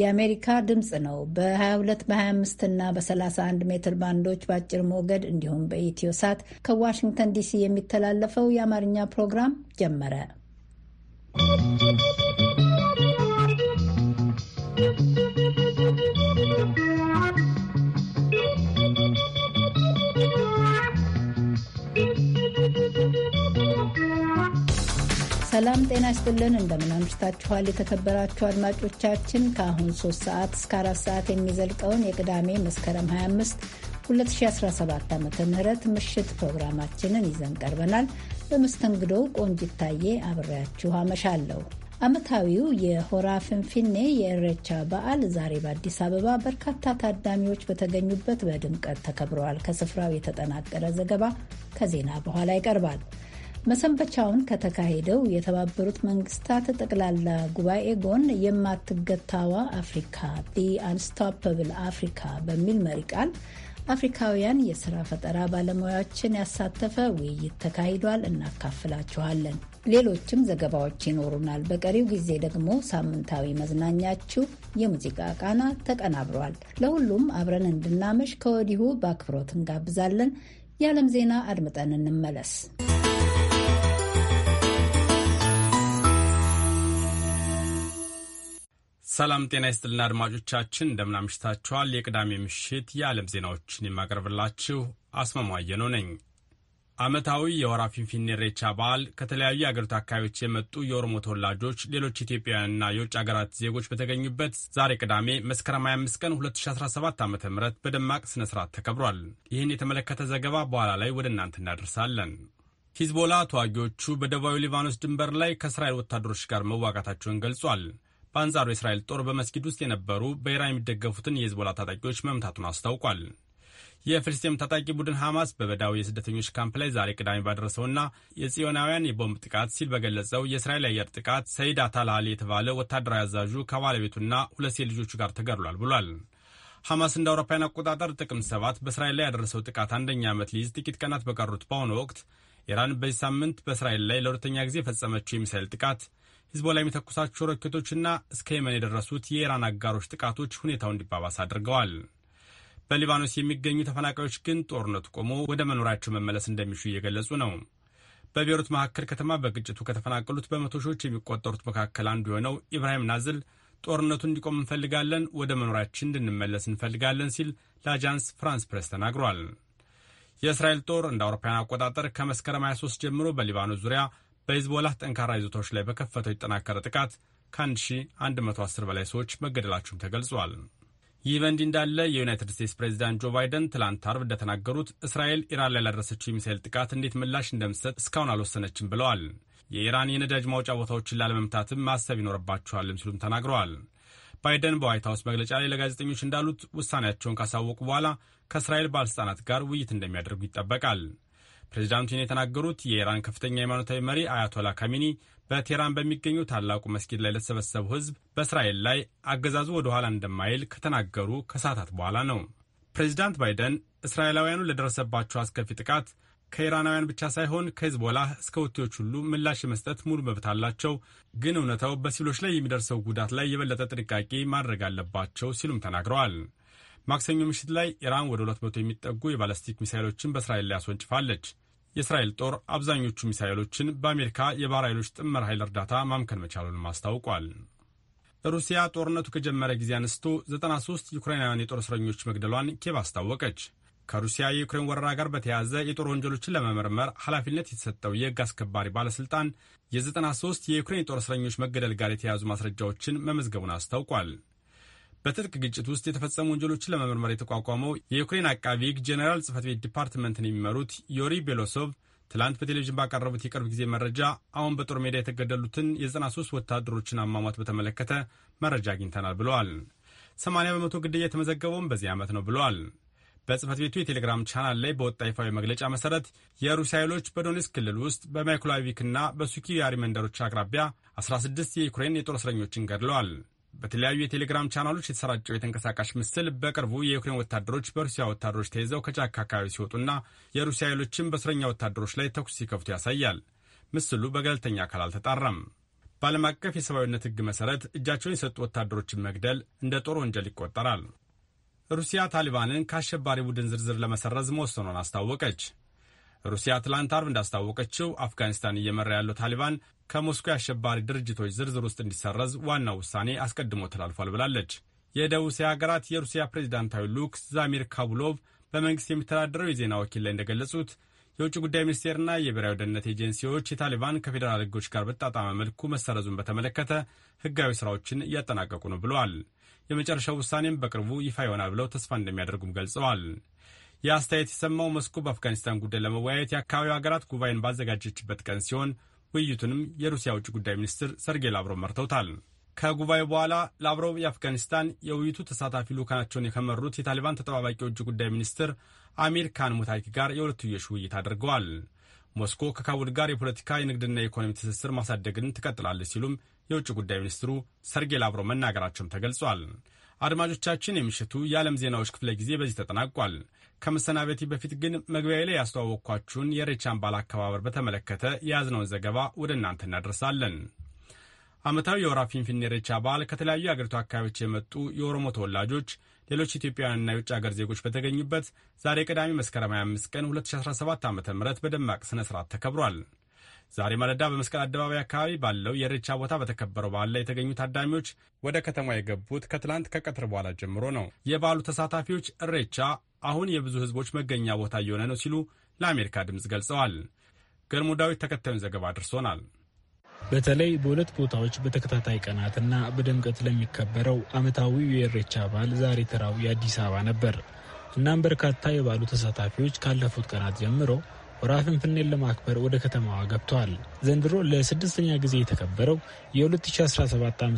የአሜሪካ ድምፅ ነው። በ22 በ25 እና በ31 ሜትር ባንዶች በአጭር ሞገድ እንዲሁም በኢትዮ ሳት ከዋሽንግተን ዲሲ የሚተላለፈው የአማርኛ ፕሮግራም ጀመረ። ሰላም ጤና ይስጥልን። እንደምን አምሽታችኋል? የተከበራችሁ አድማጮቻችን ከአሁን 3 ሰዓት እስከ 4 ሰዓት የሚዘልቀውን የቅዳሜ መስከረም 25 2017 ዓ ም ምሽት ፕሮግራማችንን ይዘን ቀርበናል። በመስተንግዶው ቆንጂት ታዬ አብሬያችሁ አመሻለሁ። ዓመታዊው የሆራ ፍንፊኔ የእሬቻ በዓል ዛሬ በአዲስ አበባ በርካታ ታዳሚዎች በተገኙበት በድምቀት ተከብረዋል። ከስፍራው የተጠናቀረ ዘገባ ከዜና በኋላ ይቀርባል። መሰንበቻውን ከተካሄደው የተባበሩት መንግስታት ጠቅላላ ጉባኤ ጎን የማትገታዋ አፍሪካ ዲ አንስቶፐብል አፍሪካ በሚል መሪ ቃል አፍሪካውያን የስራ ፈጠራ ባለሙያዎችን ያሳተፈ ውይይት ተካሂዷል። እናካፍላችኋለን። ሌሎችም ዘገባዎች ይኖሩናል። በቀሪው ጊዜ ደግሞ ሳምንታዊ መዝናኛችሁ የሙዚቃ ቃና ተቀናብሯል። ለሁሉም አብረን እንድናመሽ ከወዲሁ በአክብሮት እንጋብዛለን። የዓለም ዜና አድምጠን እንመለስ። ሰላም ጤና ይስጥልና አድማጮቻችን፣ እንደምናምሽታችኋል። የቅዳሜ ምሽት የዓለም ዜናዎችን የማቀርብላችሁ አስማማየኖ ነኝ። ዓመታዊ የሆራ ፊንፊኔ ኢሬቻ በዓል ከተለያዩ የአገሪቱ አካባቢዎች የመጡ የኦሮሞ ተወላጆች፣ ሌሎች ኢትዮጵያውያንና የውጭ አገራት ዜጎች በተገኙበት ዛሬ ቅዳሜ መስከረም 25 ቀን 2017 ዓ ም በደማቅ ሥነ ሥርዓት ተከብሯል። ይህን የተመለከተ ዘገባ በኋላ ላይ ወደ እናንተ እናደርሳለን። ሂዝቦላ ተዋጊዎቹ በደቡባዊ ሊባኖስ ድንበር ላይ ከእስራኤል ወታደሮች ጋር መዋጋታቸውን ገልጿል። በአንጻሩ የእስራኤል ጦር በመስጊድ ውስጥ የነበሩ በኢራን የሚደገፉትን የሄዝቦላ ታጣቂዎች መምታቱን አስታውቋል። የፍልስጤም ታጣቂ ቡድን ሐማስ በበዳዊ የስደተኞች ካምፕ ላይ ዛሬ ቅዳሜ ባደረሰውና የጽዮናውያን የቦምብ ጥቃት ሲል በገለጸው የእስራኤል አየር ጥቃት ሰይድ አታላሊ የተባለ ወታደራዊ አዛዡ ከባለቤቱና ሁለት ሴት ልጆቹ ጋር ተገድሏል ብሏል። ሐማስ እንደ አውሮፓውያን አቆጣጠር ጥቅምት ሰባት በእስራኤል ላይ ያደረሰው ጥቃት አንደኛ ዓመት ሊይዝ ጥቂት ቀናት በቀሩት በአሁኑ ወቅት ኢራን በዚህ ሳምንት በእስራኤል ላይ ለሁለተኛ ጊዜ የፈጸመችው የሚሳይል ጥቃት ሂዝቦላ የሚተኩሳቸው ሮኬቶችና እስከ የመን የደረሱት የኢራን አጋሮች ጥቃቶች ሁኔታው እንዲባባስ አድርገዋል። በሊባኖስ የሚገኙ ተፈናቃዮች ግን ጦርነቱ ቆሞ ወደ መኖሪያቸው መመለስ እንደሚሹ እየገለጹ ነው። በቤሩት መካከል ከተማ በግጭቱ ከተፈናቀሉት በመቶ ሺዎች የሚቆጠሩት መካከል አንዱ የሆነው ኢብራሂም ናዝል ጦርነቱ እንዲቆም እንፈልጋለን፣ ወደ መኖሪያችን እንድንመለስ እንፈልጋለን ሲል ለአጃንስ ፍራንስ ፕሬስ ተናግሯል። የእስራኤል ጦር እንደ አውሮፓውያን አቆጣጠር ከመስከረም 23 ጀምሮ በሊባኖስ ዙሪያ በሂዝቦላህ ጠንካራ ይዞታዎች ላይ በከፈተው የተጠናከረ ጥቃት ከ1110 በላይ ሰዎች መገደላቸውም ተገልጿል። ይህ በእንዲህ እንዳለ የዩናይትድ ስቴትስ ፕሬዚዳንት ጆ ባይደን ትላንት አርብ እንደተናገሩት እስራኤል ኢራን ላይ ላደረሰችው የሚሳይል ጥቃት እንዴት ምላሽ እንደምትሰጥ እስካሁን አልወሰነችም ብለዋል። የኢራን የነዳጅ ማውጫ ቦታዎችን ላለመምታትም ማሰብ ይኖርባቸዋልም ሲሉም ተናግረዋል። ባይደን በዋይት ሀውስ መግለጫ ላይ ለጋዜጠኞች እንዳሉት ውሳኔያቸውን ካሳወቁ በኋላ ከእስራኤል ባለሥልጣናት ጋር ውይይት እንደሚያደርጉ ይጠበቃል። ፕሬዚዳንቱን የተናገሩት የኢራን ከፍተኛ ሃይማኖታዊ መሪ አያቶላ ካሚኒ በቴህራን በሚገኙ ታላቁ መስጊድ ላይ ለተሰበሰቡ ህዝብ በእስራኤል ላይ አገዛዙ ወደ ኋላ እንደማይል ከተናገሩ ከሰዓታት በኋላ ነው። ፕሬዚዳንት ባይደን እስራኤላውያኑ ለደረሰባቸው አስከፊ ጥቃት ከኢራናውያን ብቻ ሳይሆን ከሂዝቦላህ እስከ ሁቲዎች ሁሉ ምላሽ የመስጠት ሙሉ መብት አላቸው፣ ግን እውነታው በሲቪሎች ላይ የሚደርሰው ጉዳት ላይ የበለጠ ጥንቃቄ ማድረግ አለባቸው ሲሉም ተናግረዋል። ማክሰኞ ምሽት ላይ ኢራን ወደ 200 የሚጠጉ የባላስቲክ ሚሳይሎችን በእስራኤል ላይ አስወንጭፋለች። የእስራኤል ጦር አብዛኞቹ ሚሳይሎችን በአሜሪካ የባህር ኃይሎች ጥምር ኃይል እርዳታ ማምከን መቻሉንም አስታውቋል። ሩሲያ ጦርነቱ ከጀመረ ጊዜ አንስቶ 93 ዩክራይናውያን የጦር እስረኞች መግደሏን ኬቭ አስታወቀች። ከሩሲያ የዩክሬን ወረራ ጋር በተያያዘ የጦር ወንጀሎችን ለመመርመር ኃላፊነት የተሰጠው የሕግ አስከባሪ ባለሥልጣን የ93 የዩክሬን የጦር እስረኞች መገደል ጋር የተያያዙ ማስረጃዎችን መመዝገቡን አስታውቋል። በትጥቅ ግጭት ውስጥ የተፈጸሙ ወንጀሎችን ለመመርመር የተቋቋመው የዩክሬን አቃቢ ሕግ ጄኔራል ጽህፈት ቤት ዲፓርትመንትን የሚመሩት ዮሪ ቤሎሶቭ ትላንት በቴሌቪዥን ባቀረቡት የቅርብ ጊዜ መረጃ አሁን በጦር ሜዳ የተገደሉትን የ93 ወታደሮችን አሟሟት በተመለከተ መረጃ አግኝተናል ብለዋል። 80 በመቶ ግድያ የተመዘገበውም በዚህ ዓመት ነው ብለዋል። በጽህፈት ቤቱ የቴሌግራም ቻናል ላይ በወጣ ይፋዊ መግለጫ መሰረት የሩሲያ ኃይሎች በዶኔስክ ክልል ውስጥ በማይኮላዊክና በሱኪ ያሪ መንደሮች አቅራቢያ 16 የዩክሬን የጦር እስረኞችን ገድለዋል። በተለያዩ የቴሌግራም ቻናሎች የተሰራጨው የተንቀሳቃሽ ምስል በቅርቡ የዩክሬን ወታደሮች በሩሲያ ወታደሮች ተይዘው ከጫካ አካባቢ ሲወጡና የሩሲያ ኃይሎችም በእስረኛ ወታደሮች ላይ ተኩስ ሲከፍቱ ያሳያል። ምስሉ በገለልተኛ አካል አልተጣራም። በዓለም አቀፍ የሰብአዊነት ሕግ መሠረት እጃቸውን የሰጡ ወታደሮችን መግደል እንደ ጦር ወንጀል ይቆጠራል። ሩሲያ ታሊባንን ከአሸባሪ ቡድን ዝርዝር ለመሰረዝ መወሰኗን አስታወቀች። ሩሲያ ትላንት አርብ እንዳስታወቀችው አፍጋኒስታን እየመራ ያለው ታሊባን ከሞስኮ የአሸባሪ ድርጅቶች ዝርዝር ውስጥ እንዲሰረዝ ዋና ውሳኔ አስቀድሞ ተላልፏል ብላለች። የደቡብ እስያ ሀገራት የሩሲያ ፕሬዚዳንታዊ ልዑክ ዛሚር ካቡሎቭ በመንግሥት የሚተዳደረው የዜና ወኪል ላይ እንደገለጹት የውጭ ጉዳይ ሚኒስቴርና የብሔራዊ ደህንነት ኤጀንሲዎች የታሊባን ከፌዴራል ሕጎች ጋር በተጣጣመ መልኩ መሰረዙን በተመለከተ ሕጋዊ ሥራዎችን እያጠናቀቁ ነው ብለዋል። የመጨረሻው ውሳኔም በቅርቡ ይፋ ይሆናል ብለው ተስፋ እንደሚያደርጉም ገልጸዋል። የአስተያየት የሰማው ሞስኮ በአፍጋኒስታን ጉዳይ ለመወያየት የአካባቢው ሀገራት ጉባኤን ባዘጋጀችበት ቀን ሲሆን ውይይቱንም የሩሲያ ውጭ ጉዳይ ሚኒስትር ሰርጌይ ላብሮቭ መርተውታል። ከጉባኤው በኋላ ላብሮቭ የአፍጋኒስታን የውይይቱ ተሳታፊ ልዑካናቸውን የከመሩት የታሊባን ተጠባባቂ የውጭ ጉዳይ ሚኒስትር አሚር ካን ሙታኪ ጋር የሁለትዮሽ ውይይት አድርገዋል። ሞስኮ ከካቡል ጋር የፖለቲካ የንግድና የኢኮኖሚ ትስስር ማሳደግን ትቀጥላለች ሲሉም የውጭ ጉዳይ ሚኒስትሩ ሰርጌይ ላብሮ መናገራቸውም ተገልጿል። አድማጮቻችን፣ የምሽቱ የዓለም ዜናዎች ክፍለ ጊዜ በዚህ ተጠናቋል። ከመሰናበቲ በፊት ግን መግቢያ ላይ ያስተዋወቅኳችሁን የሬቻን በዓል አከባበር በተመለከተ የያዝነውን ዘገባ ወደ እናንተ እናደርሳለን። ዓመታዊ የወራ ፊንፊኔ የሬቻ በዓል ከተለያዩ የአገሪቱ አካባቢዎች የመጡ የኦሮሞ ተወላጆች፣ ሌሎች ኢትዮጵያውያንና የውጭ አገር ዜጎች በተገኙበት ዛሬ ቅዳሜ መስከረም 25 ቀን 2017 ዓ ም በደማቅ ስነ ስርዓት ተከብሯል። ዛሬ ማለዳ በመስቀል አደባባይ አካባቢ ባለው የእርቻ ቦታ በተከበረው በዓል ላይ የተገኙ ታዳሚዎች ወደ ከተማ የገቡት ከትላንት ከቀትር በኋላ ጀምሮ ነው። የበዓሉ ተሳታፊዎች እሬቻ አሁን የብዙ ሕዝቦች መገኛ ቦታ እየሆነ ነው ሲሉ ለአሜሪካ ድምፅ ገልጸዋል። ገልሞ ዳዊት ተከታዩን ዘገባ አድርሶናል። በተለይ በሁለት ቦታዎች በተከታታይ ቀናትና በድምቀት ለሚከበረው ዓመታዊው የእሬቻ በዓል ዛሬ ተራው የአዲስ አበባ ነበር። እናም በርካታ የበዓሉ ተሳታፊዎች ካለፉት ቀናት ጀምሮ ወራፍንፍኔን ለማክበር ወደ ከተማዋ ገብተዋል። ዘንድሮ ለስድስተኛ ጊዜ የተከበረው የ2017 ዓ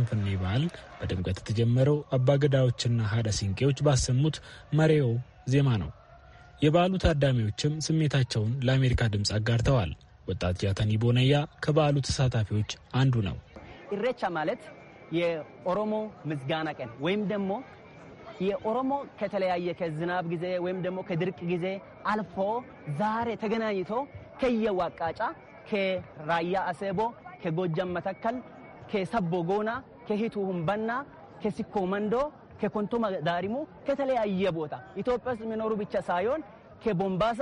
ም ፍኔ በዓል በድምቀት የተጀመረው አባገዳዎችና ሀደ ሲንቄዎች ባሰሙት መሬው ዜማ ነው። የበዓሉ ታዳሚዎችም ስሜታቸውን ለአሜሪካ ድምፅ አጋርተዋል። ወጣት ጃተኒ ቦነያ ከበዓሉ ተሳታፊዎች አንዱ ነው። ኢሬቻ ማለት የኦሮሞ ምዝጋና ቀን ወይም ደግሞ የኦሮሞ ከተለያየ ከዝናብ ጊዜ ወይም ደግሞ ከድርቅ ጊዜ አልፎ ዛሬ ተገናኝቶ ከየዋቃጫ ከራያ አሴቦ ከጎጃም መተከል ከሰቦ ጎና ከሂቱ ሁምባና ከሲኮ መንዶ ከኮንቶ ዳሪሙ ከተለያየ ቦታ ኢትዮጵያ ውስጥ የሚኖሩ ብቻ ሳይሆን ከቦምባሳ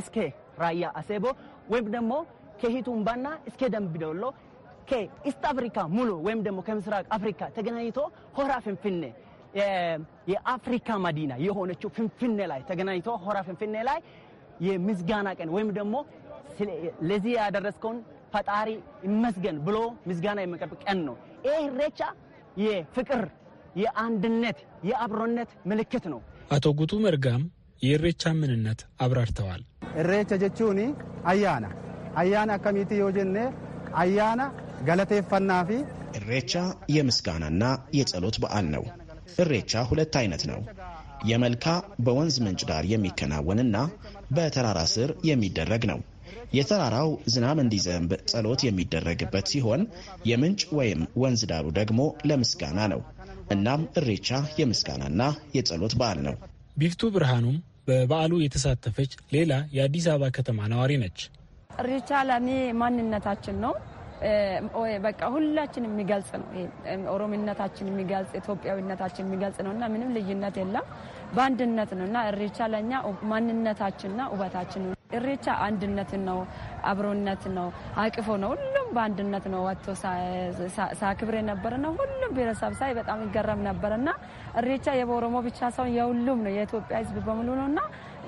እስከ ራያ አሴቦ ወይም ደግሞ ከሂቱ ሁምባና እስከ ደምቢ ከኢስት አፍሪካ ሙሉ ወይም ደግሞ ከምስራቅ አፍሪካ ተገናኝቶ ሆራ ፍንፍኔ የአፍሪካ መዲና የሆነችው ፍንፍኔ ላይ ተገናኝቶ ሆራ ፍንፍኔ ላይ የምስጋና ቀን ወይም ደግሞ ለዚህ ያደረስከውን ፈጣሪ ይመስገን ብሎ ምስጋና የሚቀርብ ቀን ነው። ይህ ሬቻ የፍቅር የአንድነት፣ የአብሮነት ምልክት ነው። አቶ ጉቱ መርጋም የኢሬቻ ምንነት አብራርተዋል። ኢሬቻ ጀቹን አያና አያና አካሚቲ ዮጀኔ አያና ገለቴፈናፊ ኢሬቻ የምስጋናና የጸሎት በዓል ነው። እሬቻ ሁለት አይነት ነው። የመልካ በወንዝ ምንጭ ዳር የሚከናወንና በተራራ ስር የሚደረግ ነው። የተራራው ዝናብ እንዲዘንብ ጸሎት የሚደረግበት ሲሆን የምንጭ ወይም ወንዝ ዳሩ ደግሞ ለምስጋና ነው። እናም እሬቻ የምስጋናና የጸሎት በዓል ነው። ቢፍቱ ብርሃኑም በበዓሉ የተሳተፈች ሌላ የአዲስ አበባ ከተማ ነዋሪ ነች። እሬቻ ለእኔ ማንነታችን ነው። በቃ ሁላችን የሚገልጽ ነው። ኦሮምነታችን የሚገልጽ ኢትዮጵያዊነታችን የሚገልጽ ነው እና ምንም ልዩነት የለም። በአንድነት ነው እና እሬቻ ለእኛ ማንነታችንና ውበታችን ነው። እሬቻ አንድነት ነው፣ አብሮነት ነው፣ አቅፎ ነው። ሁሉም በአንድነት ነው ወጥቶ ሳክብር የነበረ ነው። ሁሉም ብሔረሰብ ሳይ በጣም ይገረም ነበረ እና እሬቻ የኦሮሞ ብቻ ሳይሆን የሁሉም ነው፣ የኢትዮጵያ ሕዝብ በሙሉ ነው እና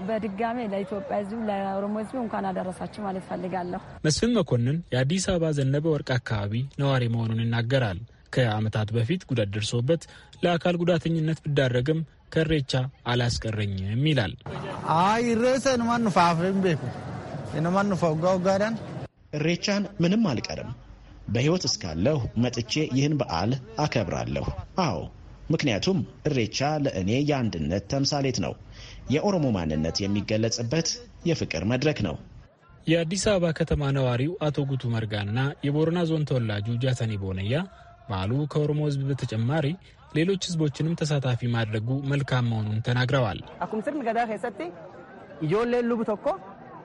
በድጋሜ ለኢትዮጵያ ህዝብ ለኦሮሞ ህዝብ እንኳን አደረሳችሁ ማለት ፈልጋለሁ። መስፍን መኮንን የአዲስ አበባ ዘነበ ወርቅ አካባቢ ነዋሪ መሆኑን ይናገራል። ከአመታት በፊት ጉዳት ደርሶበት ለአካል ጉዳተኝነት ብዳረግም ከሬቻ አላስቀረኝም ይላል። አይ ርዕሰን ማኑ ፋፍሬም ቤኩ ነማኑ ፋውጋ ውጋዳን እሬቻን ምንም አልቀርም። በሕይወት እስካለሁ መጥቼ ይህን በዓል አከብራለሁ። አዎ ምክንያቱም እሬቻ ለእኔ የአንድነት ተምሳሌት ነው። የኦሮሞ ማንነት የሚገለጽበት የፍቅር መድረክ ነው። የአዲስ አበባ ከተማ ነዋሪው አቶ ጉቱ መርጋና የቦረና ዞን ተወላጁ ጃተኒ ቦነያ በዓሉ ከኦሮሞ ሕዝብ በተጨማሪ ሌሎች ሕዝቦችንም ተሳታፊ ማድረጉ መልካም መሆኑን ተናግረዋል። ገዳ ቶኮ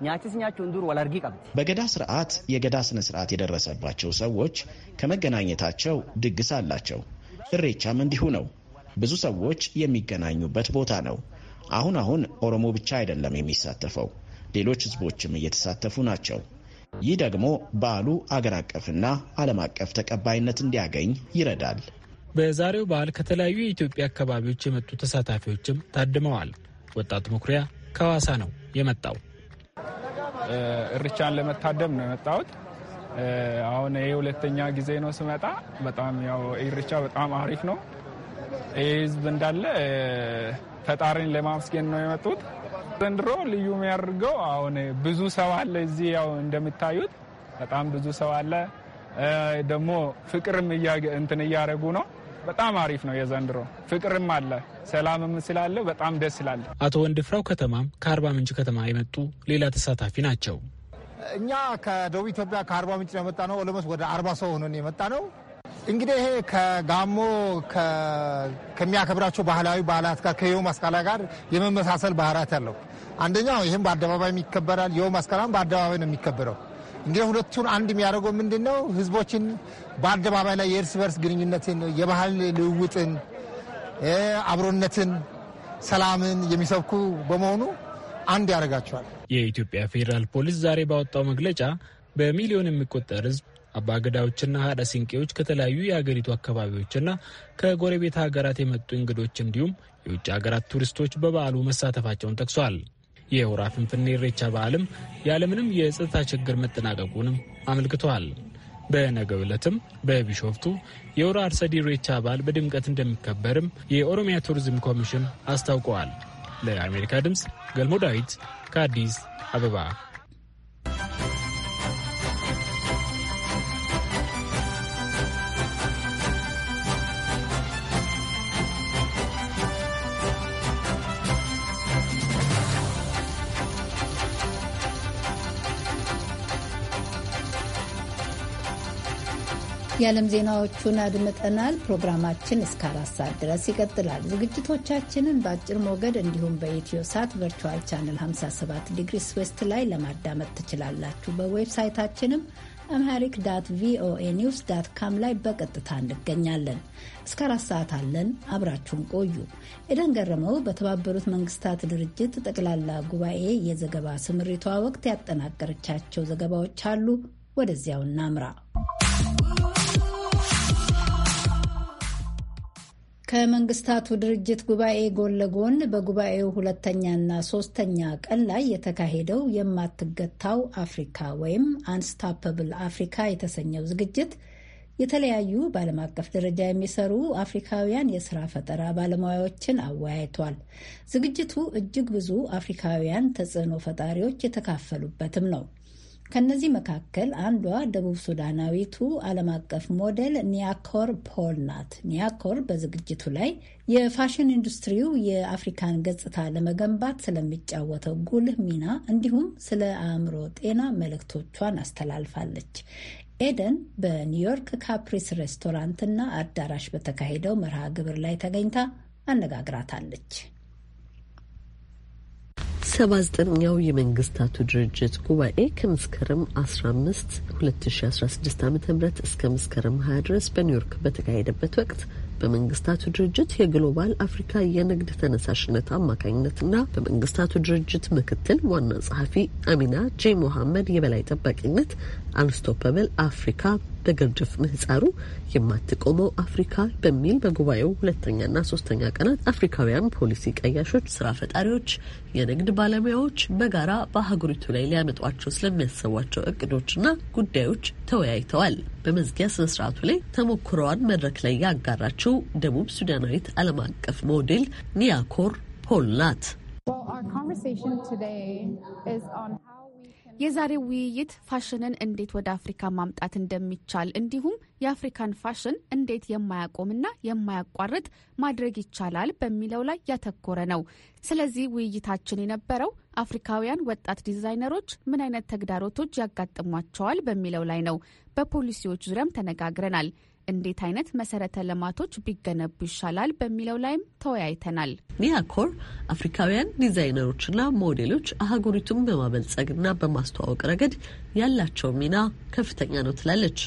ኛችስ ዱር ወላርጊ ቀብት በገዳ ስርዓት የገዳ ስነ ስርዓት የደረሰባቸው ሰዎች ከመገናኘታቸው ድግስ አላቸው። እሬቻም እንዲሁ ነው። ብዙ ሰዎች የሚገናኙበት ቦታ ነው። አሁን አሁን ኦሮሞ ብቻ አይደለም የሚሳተፈው፣ ሌሎች ህዝቦችም እየተሳተፉ ናቸው። ይህ ደግሞ በዓሉ አገር አቀፍና ዓለም አቀፍ ተቀባይነት እንዲያገኝ ይረዳል። በዛሬው በዓል ከተለያዩ የኢትዮጵያ አካባቢዎች የመጡ ተሳታፊዎችም ታድመዋል። ወጣት መኩሪያ ከሐዋሳ ነው የመጣው። እርቻን ለመታደም ነው የመጣሁት። አሁን ሁለተኛ ጊዜ ነው ስመጣ። በጣም ያው እርቻ በጣም አሪፍ ነው። ይህ ህዝብ እንዳለ ፈጣሪን ለማመስገን ነው የመጡት። ዘንድሮ ልዩ የሚያደርገው አሁን ብዙ ሰው አለ እዚህ ያው እንደምታዩት በጣም ብዙ ሰው አለ። ደግሞ ፍቅርም እንትን እያደረጉ ነው። በጣም አሪፍ ነው የዘንድሮ። ፍቅርም አለ፣ ሰላምም ስላለ በጣም ደስ ይላል። አቶ ወንድፍራው ከተማም ከአርባ ምንጭ ከተማ የመጡ ሌላ ተሳታፊ ናቸው። እኛ ከደቡብ ኢትዮጵያ ከአርባ ምንጭ ነው የመጣ ነው። ኦሎሞስ ወደ አርባ ሰው ሆነን የመጣ ነው። እንግዲህ ይሄ ከጋሞ ከሚያከብራቸው ባህላዊ በዓላት ጋር ከየው ማስቀላ ጋር የመመሳሰል ባህራት ያለው አንደኛው ይህም በአደባባይ ይከበራል። የው ማስቀላም በአደባባይ ነው የሚከበረው። እንግዲህ ሁለቱን አንድ የሚያደርገው ምንድን ነው? ህዝቦችን በአደባባይ ላይ የእርስ በርስ ግንኙነትን፣ የባህል ልውውጥን፣ አብሮነትን፣ ሰላምን የሚሰብኩ በመሆኑ አንድ ያደርጋቸዋል። የኢትዮጵያ ፌዴራል ፖሊስ ዛሬ ባወጣው መግለጫ በሚሊዮን የሚቆጠር ህዝብ አባገዳዎችና ሀደ ሲንቄዎች ከተለያዩ የአገሪቱ አካባቢዎችና ከጎረቤት ሀገራት የመጡ እንግዶች እንዲሁም የውጭ ሀገራት ቱሪስቶች በበዓሉ መሳተፋቸውን ጠቅሷል። የሆራ ፍንፍኔ ኢሬቻ በዓልም ያለምንም የጸጥታ ችግር መጠናቀቁንም አመልክተዋል። በነገ ዕለትም በቢሾፍቱ የሆራ አርሰዲ ኢሬቻ በዓል በድምቀት እንደሚከበርም የኦሮሚያ ቱሪዝም ኮሚሽን አስታውቀዋል። ለአሜሪካ ድምፅ ገልሞ ዳዊት ከአዲስ አበባ የዓለም ዜናዎቹን አድምጠናል። ፕሮግራማችን እስከ አራት ሰዓት ድረስ ይቀጥላል። ዝግጅቶቻችንን በአጭር ሞገድ እንዲሁም በኢትዮ ሳት ቨርቹዋል ቻንል 57 ዲግሪ ስዌስት ላይ ለማዳመጥ ትችላላችሁ። በዌብሳይታችንም አምሃሪክ ዳት ቪኦኤ ኒውስ ዳት ካም ላይ በቀጥታ እንገኛለን። እስከ አራት ሰዓት አለን። አብራችሁን ቆዩ። ኤደን ገረመው በተባበሩት መንግስታት ድርጅት ጠቅላላ ጉባኤ የዘገባ ስምሪቷ ወቅት ያጠናቀረቻቸው ዘገባዎች አሉ። ወደዚያው እናምራ። ከመንግስታቱ ድርጅት ጉባኤ ጎን ለጎን በጉባኤው ሁለተኛና ሶስተኛ ቀን ላይ የተካሄደው የማትገታው አፍሪካ ወይም አንስታፐብል አፍሪካ የተሰኘው ዝግጅት የተለያዩ በዓለም አቀፍ ደረጃ የሚሰሩ አፍሪካውያን የስራ ፈጠራ ባለሙያዎችን አወያይቷል። ዝግጅቱ እጅግ ብዙ አፍሪካውያን ተጽዕኖ ፈጣሪዎች የተካፈሉበትም ነው። ከነዚህ መካከል አንዷ ደቡብ ሱዳናዊቱ ዓለም አቀፍ ሞዴል ኒያኮር ፖል ናት። ኒያኮር በዝግጅቱ ላይ የፋሽን ኢንዱስትሪው የአፍሪካን ገጽታ ለመገንባት ስለሚጫወተው ጉልህ ሚና እንዲሁም ስለ አእምሮ ጤና መልእክቶቿን አስተላልፋለች። ኤደን በኒውዮርክ ካፕሪስ ሬስቶራንትና አዳራሽ በተካሄደው መርሃ ግብር ላይ ተገኝታ አነጋግራታለች። ሰባ ዘጠነኛው የመንግስታቱ ድርጅት ጉባኤ ከመስከረም አስራ አምስት ሁለት ሺ እስከ መስከረም 20 ድረስ በኒውዮርክ በተካሄደበት ወቅት በመንግስታቱ ድርጅት የግሎባል አፍሪካ የንግድ ተነሳሽነት አማካኝነትና በመንግስታቱ ድርጅት ምክትል ዋና ጸሐፊ አሚና ጄ ሞሐመድ የበላይ ጠባቂነት አንስቶፐብል አፍሪካ በግርድፍ ምህጻሩ የማትቆመው አፍሪካ በሚል በጉባኤው ሁለተኛና ሶስተኛ ቀናት አፍሪካውያን ፖሊሲ ቀያሾች፣ ስራ ፈጣሪዎች፣ የንግድ ባለሙያዎች በጋራ በአህጉሪቱ ላይ ሊያመጧቸው ስለሚያሰቧቸው እቅዶችና ጉዳዮች ተወያይተዋል። በመዝጊያ ስነ ስርዓቱ ላይ ተሞክሮዋን መድረክ ላይ ያጋራችው ደቡብ ሱዳናዊት ዓለም አቀፍ ሞዴል ኒያኮር ፖል ናት። የዛሬው ውይይት ፋሽንን እንዴት ወደ አፍሪካ ማምጣት እንደሚቻል እንዲሁም የአፍሪካን ፋሽን እንዴት የማያቆምና የማያቋርጥ ማድረግ ይቻላል በሚለው ላይ ያተኮረ ነው። ስለዚህ ውይይታችን የነበረው አፍሪካውያን ወጣት ዲዛይነሮች ምን አይነት ተግዳሮቶች ያጋጥሟቸዋል በሚለው ላይ ነው። በፖሊሲዎች ዙሪያም ተነጋግረናል። እንዴት አይነት መሰረተ ልማቶች ቢገነቡ ይሻላል በሚለው ላይም ተወያይተናል። ኒያኮር አፍሪካውያን ዲዛይነሮችና ሞዴሎች አህጉሪቱን በማበልጸግና በማስተዋወቅ ረገድ ያላቸው ሚና ከፍተኛ ነው ትላለች።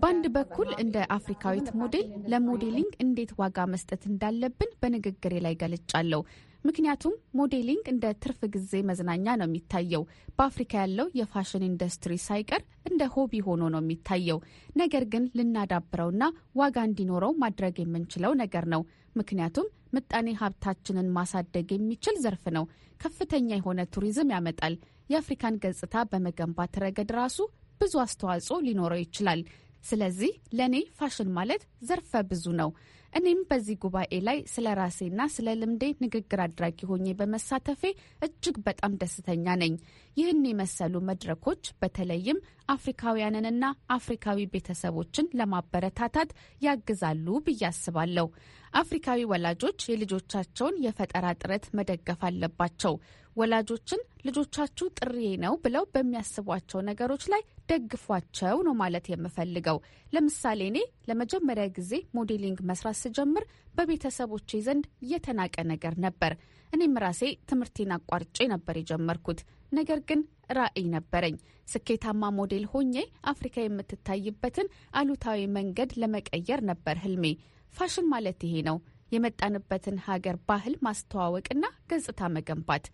በአንድ በኩል እንደ አፍሪካዊት ሞዴል ለሞዴሊንግ እንዴት ዋጋ መስጠት እንዳለብን በንግግሬ ላይ ገልጫለሁ። ምክንያቱም ሞዴሊንግ እንደ ትርፍ ጊዜ መዝናኛ ነው የሚታየው። በአፍሪካ ያለው የፋሽን ኢንዱስትሪ ሳይቀር እንደ ሆቢ ሆኖ ነው የሚታየው። ነገር ግን ልናዳብረውና ዋጋ እንዲኖረው ማድረግ የምንችለው ነገር ነው። ምክንያቱም ምጣኔ ሀብታችንን ማሳደግ የሚችል ዘርፍ ነው። ከፍተኛ የሆነ ቱሪዝም ያመጣል። የአፍሪካን ገጽታ በመገንባት ረገድ ራሱ ብዙ አስተዋጽኦ ሊኖረው ይችላል። ስለዚህ ለእኔ ፋሽን ማለት ዘርፈ ብዙ ነው። እኔም በዚህ ጉባኤ ላይ ስለ ራሴና ስለ ልምዴ ንግግር አድራጊ ሆኜ በመሳተፌ እጅግ በጣም ደስተኛ ነኝ። ይህን የመሰሉ መድረኮች በተለይም አፍሪካውያንንና አፍሪካዊ ቤተሰቦችን ለማበረታታት ያግዛሉ ብዬ አስባለሁ። አፍሪካዊ ወላጆች የልጆቻቸውን የፈጠራ ጥረት መደገፍ አለባቸው። ወላጆችን ልጆቻችሁ ጥሪ ነው ብለው በሚያስቧቸው ነገሮች ላይ ደግፏቸው ነው ማለት የምፈልገው። ለምሳሌ እኔ ለመጀመሪያ ጊዜ ሞዴሊንግ መስራት ስጀምር በቤተሰቦቼ ዘንድ የተናቀ ነገር ነበር። እኔም ራሴ ትምህርቴን አቋርጬ ነበር የጀመርኩት። ነገር ግን ራዕይ ነበረኝ። ስኬታማ ሞዴል ሆኜ አፍሪካ የምትታይበትን አሉታዊ መንገድ ለመቀየር ነበር ህልሜ። ፋሽን ማለት ይሄ ነው። የመጣንበትን ሀገር ባህል ማስተዋወቅና ገጽታ መገንባት።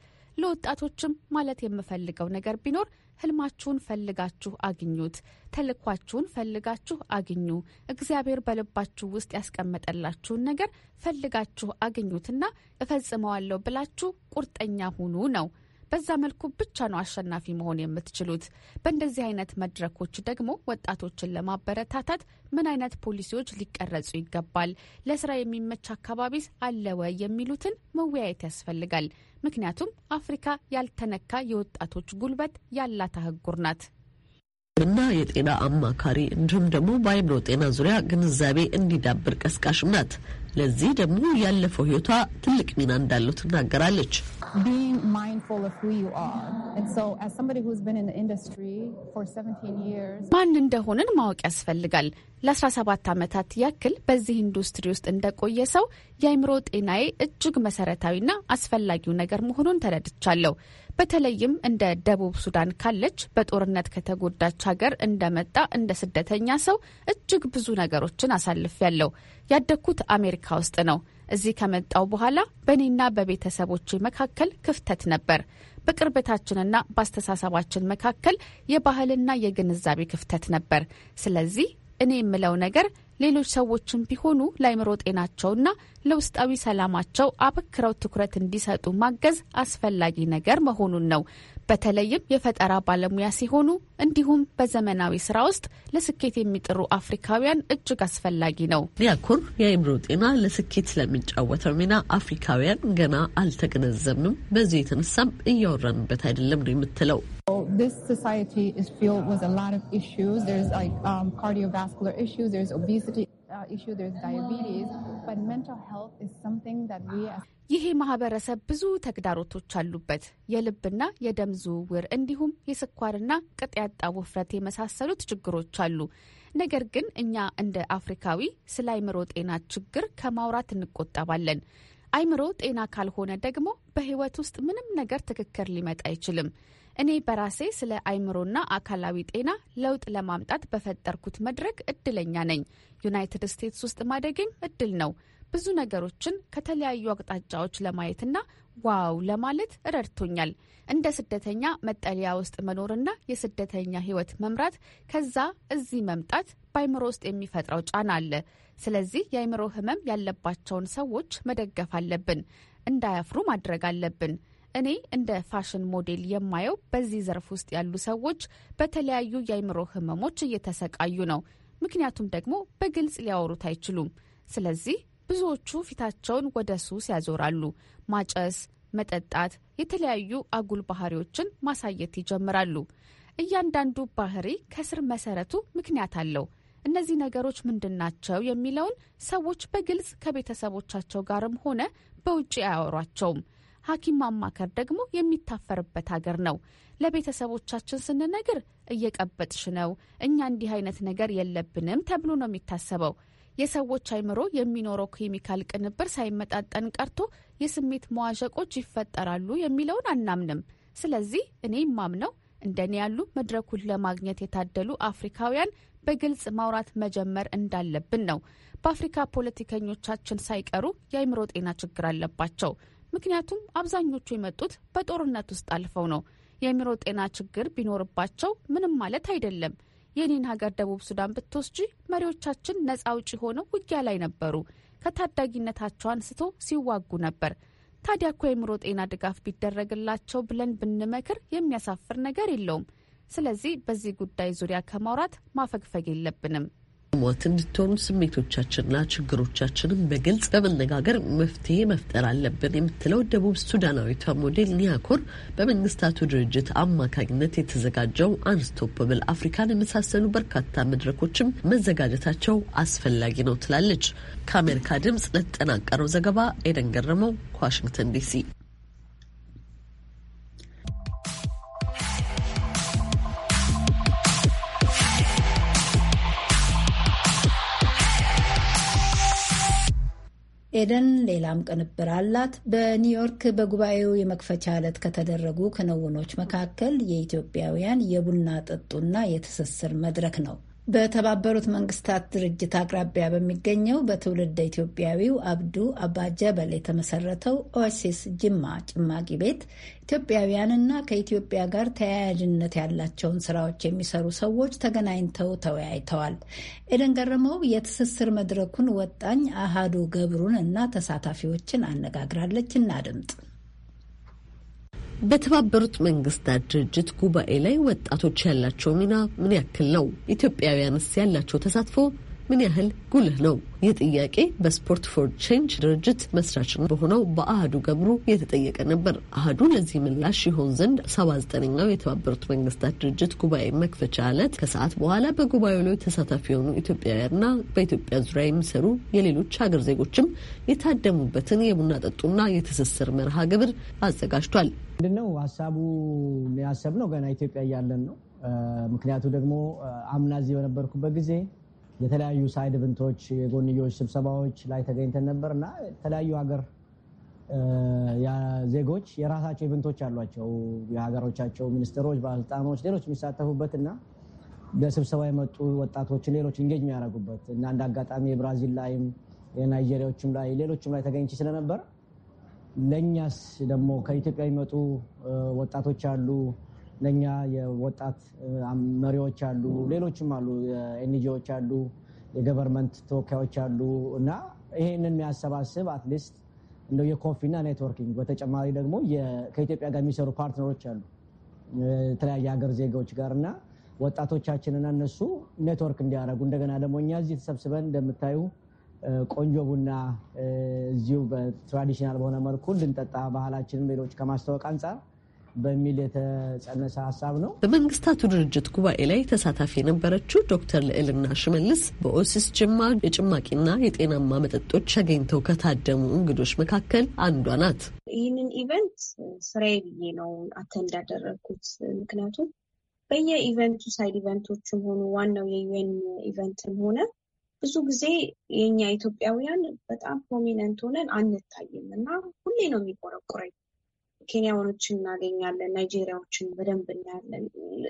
ለወጣቶችም ማለት የምፈልገው ነገር ቢኖር ህልማችሁን ፈልጋችሁ አግኙት፣ ተልኳችሁን ፈልጋችሁ አግኙ። እግዚአብሔር በልባችሁ ውስጥ ያስቀመጠላችሁን ነገር ፈልጋችሁ አግኙትና እፈጽመዋለሁ ብላችሁ ቁርጠኛ ሁኑ ነው። በዛ መልኩ ብቻ ነው አሸናፊ መሆን የምትችሉት። በእንደዚህ አይነት መድረኮች ደግሞ ወጣቶችን ለማበረታታት ምን አይነት ፖሊሲዎች ሊቀረጹ ይገባል? ለስራ የሚመች አካባቢስ አለ ወይ? የሚሉትን መወያየት ያስፈልጋል። ምክንያቱም አፍሪካ ያልተነካ የወጣቶች ጉልበት ያላት አህጉር ናት። እና የጤና አማካሪ እንዲሁም ደግሞ በአይምሮ ጤና ዙሪያ ግንዛቤ እንዲዳብር ቀስቃሽም ናት። ለዚህ ደግሞ ያለፈው ህይወቷ ትልቅ ሚና እንዳለው ትናገራለች። ማን እንደሆንን ማወቅ ያስፈልጋል። ለ17 ዓመታት ያክል በዚህ ኢንዱስትሪ ውስጥ እንደቆየ ሰው የአይምሮ ጤናዬ እጅግ መሰረታዊና አስፈላጊው ነገር መሆኑን ተረድቻለሁ። በተለይም እንደ ደቡብ ሱዳን ካለች በጦርነት ከተጎዳች ሀገር እንደመጣ እንደ ስደተኛ ሰው እጅግ ብዙ ነገሮችን ያለው ያደግኩት አሜሪካ ውስጥ ነው። እዚህ ከመጣው በኋላ በእኔና በቤተሰቦቼ መካከል ክፍተት ነበር። በቅርበታችንና በአስተሳሰባችን መካከል የባህልና የግንዛቤ ክፍተት ነበር። ስለዚህ እኔ የምለው ነገር ሌሎች ሰዎችም ቢሆኑ ለአይምሮ ጤናቸውና ለውስጣዊ ሰላማቸው አበክረው ትኩረት እንዲሰጡ ማገዝ አስፈላጊ ነገር መሆኑን ነው። በተለይም የፈጠራ ባለሙያ ሲሆኑ እንዲሁም በዘመናዊ ስራ ውስጥ ለስኬት የሚጥሩ አፍሪካውያን እጅግ አስፈላጊ ነው። ሊያኩር የአእምሮ ጤና ለስኬት ስለሚጫወተው ሚና አፍሪካውያን ገና አልተገነዘብንም፣ በዚህ የተነሳም እያወራንበት አይደለም ነው የምትለው። ይሄ ማህበረሰብ ብዙ ተግዳሮቶች አሉበት። የልብና የደም ዝውውር እንዲሁም የስኳርና ቅጥ ያጣ ውፍረት የመሳሰሉት ችግሮች አሉ። ነገር ግን እኛ እንደ አፍሪካዊ ስለ አይምሮ ጤና ችግር ከማውራት እንቆጠባለን። አይምሮ ጤና ካልሆነ ደግሞ በህይወት ውስጥ ምንም ነገር ትክክር ሊመጣ አይችልም። እኔ በራሴ ስለ አይምሮና አካላዊ ጤና ለውጥ ለማምጣት በፈጠርኩት መድረክ እድለኛ ነኝ። ዩናይትድ ስቴትስ ውስጥ ማደጌም እድል ነው። ብዙ ነገሮችን ከተለያዩ አቅጣጫዎች ለማየትና ዋው ለማለት ረድቶኛል። እንደ ስደተኛ መጠለያ ውስጥ መኖርና የስደተኛ ህይወት መምራት ከዛ እዚህ መምጣት በአይምሮ ውስጥ የሚፈጥረው ጫና አለ። ስለዚህ የአይምሮ ህመም ያለባቸውን ሰዎች መደገፍ አለብን፣ እንዳያፍሩ ማድረግ አለብን። እኔ እንደ ፋሽን ሞዴል የማየው በዚህ ዘርፍ ውስጥ ያሉ ሰዎች በተለያዩ የአይምሮ ህመሞች እየተሰቃዩ ነው። ምክንያቱም ደግሞ በግልጽ ሊያወሩት አይችሉም። ስለዚህ ብዙዎቹ ፊታቸውን ወደ ሱስ ያዞራሉ። ማጨስ፣ መጠጣት፣ የተለያዩ አጉል ባህሪዎችን ማሳየት ይጀምራሉ። እያንዳንዱ ባህሪ ከስር መሰረቱ ምክንያት አለው። እነዚህ ነገሮች ምንድናቸው የሚለውን ሰዎች በግልጽ ከቤተሰቦቻቸው ጋርም ሆነ በውጭ አያወሯቸውም። ሐኪም ማማከር ደግሞ የሚታፈርበት ሀገር ነው። ለቤተሰቦቻችን ስንነግር እየቀበጥሽ ነው፣ እኛ እንዲህ አይነት ነገር የለብንም ተብሎ ነው የሚታሰበው። የሰዎች አይምሮ የሚኖረው ኬሚካል ቅንብር ሳይመጣጠን ቀርቶ የስሜት መዋዠቆች ይፈጠራሉ የሚለውን አናምንም። ስለዚህ እኔ ማምነው እንደኔ ያሉ መድረኩን ለማግኘት የታደሉ አፍሪካውያን በግልጽ ማውራት መጀመር እንዳለብን ነው። በአፍሪካ ፖለቲከኞቻችን ሳይቀሩ የአይምሮ ጤና ችግር አለባቸው። ምክንያቱም አብዛኞቹ የመጡት በጦርነት ውስጥ አልፈው ነው። የአይምሮ ጤና ችግር ቢኖርባቸው ምንም ማለት አይደለም። የኔን ሀገር ደቡብ ሱዳን ብትወስጂ መሪዎቻችን ነጻ አውጪ ሆነው ውጊያ ላይ ነበሩ። ከታዳጊነታቸው አንስቶ ሲዋጉ ነበር። ታዲያ እኮ የአእምሮ ጤና ድጋፍ ቢደረግላቸው ብለን ብንመክር የሚያሳፍር ነገር የለውም። ስለዚህ በዚህ ጉዳይ ዙሪያ ከማውራት ማፈግፈግ የለብንም። ሟት እንድትሆኑ ስሜቶቻችንና ችግሮቻችንን በግልጽ በመነጋገር መፍትሄ መፍጠር አለብን የምትለው ደቡብ ሱዳናዊቷ ሞዴል ኒያኮር በመንግስታቱ ድርጅት አማካኝነት የተዘጋጀው አንስቶፐብል አፍሪካን የመሳሰሉ በርካታ መድረኮችም መዘጋጀታቸው አስፈላጊ ነው ትላለች። ከአሜሪካ ድምጽ ለተጠናቀረው ዘገባ ኤደን ገረመው ከዋሽንግተን ዲሲ ኤደን ሌላም ቅንብር አላት። በኒውዮርክ በጉባኤው የመክፈቻ ዕለት ከተደረጉ ክንውኖች መካከል የኢትዮጵያውያን የቡና ጠጡና የትስስር መድረክ ነው። በተባበሩት መንግስታት ድርጅት አቅራቢያ በሚገኘው በትውልድ ኢትዮጵያዊው አብዱ አባ ጀበል የተመሰረተው ኦሲስ ጅማ ጭማቂ ቤት ኢትዮጵያውያንና ከኢትዮጵያ ጋር ተያያዥነት ያላቸውን ስራዎች የሚሰሩ ሰዎች ተገናኝተው ተወያይተዋል። ኤደን ገረመው የትስስር መድረኩን ወጣኝ አሃዱ ገብሩን እና ተሳታፊዎችን አነጋግራለች። እናድምጥ። በተባበሩት መንግስታት ድርጅት ጉባኤ ላይ ወጣቶች ያላቸው ሚና ምን ያክል ነው? ኢትዮጵያውያንስ ያላቸው ተሳትፎ ምን ያህል ጉልህ ነው? ይህ ጥያቄ በስፖርት ፎር ቼንጅ ድርጅት መስራች በሆነው በአህዱ ገብሩ የተጠየቀ ነበር። አህዱ ለዚህ ምላሽ ይሆን ዘንድ ሰባ ዘጠነኛው የተባበሩት መንግስታት ድርጅት ጉባኤ መክፈቻ ዕለት ከሰዓት በኋላ በጉባኤው ላይ ተሳታፊ የሆኑ ኢትዮጵያውያንና በኢትዮጵያ ዙሪያ የሚሰሩ የሌሎች ሀገር ዜጎችም የታደሙበትን የቡና ጠጡና የትስስር መርሃ ግብር አዘጋጅቷል። ምንድነው ሀሳቡ? ነው ገና ኢትዮጵያ እያለን ነው። ምክንያቱ ደግሞ አምና እዚህ በነበርኩበት ጊዜ የተለያዩ ሳይድ ብንቶች የጎንዮች ስብሰባዎች ላይ ተገኝተን ነበር እና የተለያዩ ሀገር ዜጎች የራሳቸው ኢቨንቶች አሏቸው። የሀገሮቻቸው ሚኒስትሮች፣ ባለስልጣኖች፣ ሌሎች የሚሳተፉበት እና ለስብሰባ የመጡ ወጣቶችን ሌሎች እንጌጅ የሚያደርጉበት እና አጋጣሚ የብራዚል ላይም የናይጄሪያዎችም ላይ ሌሎችም ላይ ተገኝች ስለነበር ለእኛስ ደግሞ ከኢትዮጵያ የሚመጡ ወጣቶች አሉ ለእኛ የወጣት መሪዎች አሉ፣ ሌሎችም አሉ፣ የኤንጂዎች አሉ፣ የገቨርንመንት ተወካዮች አሉ እና ይሄንን የሚያሰባስብ አትሊስት እንደው የኮፊና ኔትወርኪንግ በተጨማሪ ደግሞ ከኢትዮጵያ ጋር የሚሰሩ ፓርትነሮች አሉ የተለያየ ሀገር ዜጋዎች ጋር እና ወጣቶቻችንና እነሱ ኔትወርክ እንዲያደርጉ እንደገና ደግሞ እኛ እዚህ ተሰብስበን እንደምታዩ ቆንጆ ቡና እዚሁ በትራዲሽናል በሆነ መልኩ ልንጠጣ ባህላችንም ሌሎች ከማስታወቅ አንጻር በሚል የተጸነሰ ሀሳብ ነው። በመንግስታቱ ድርጅት ጉባኤ ላይ ተሳታፊ የነበረችው ዶክተር ልዕልና ሽመልስ በኦሲስ ጅማ የጭማቂና የጤናማ መጠጦች አገኝተው ከታደሙ እንግዶች መካከል አንዷ ናት። ይህንን ኢቨንት ስራዬ ብዬ ነው አተንድ ያደረግኩት። ምክንያቱም በየኢቨንቱ ሳይድ ኢቨንቶችም ሆኑ ዋናው የዩኤን ኢቨንትም ሆነ ብዙ ጊዜ የኛ ኢትዮጵያውያን በጣም ፕሮሚነንት ሆነን አንታይም እና ሁሌ ነው የሚቆረቁረኝ ኬንያውያኖችን እናገኛለን፣ ናይጄሪያዎችን በደንብ እናያለን።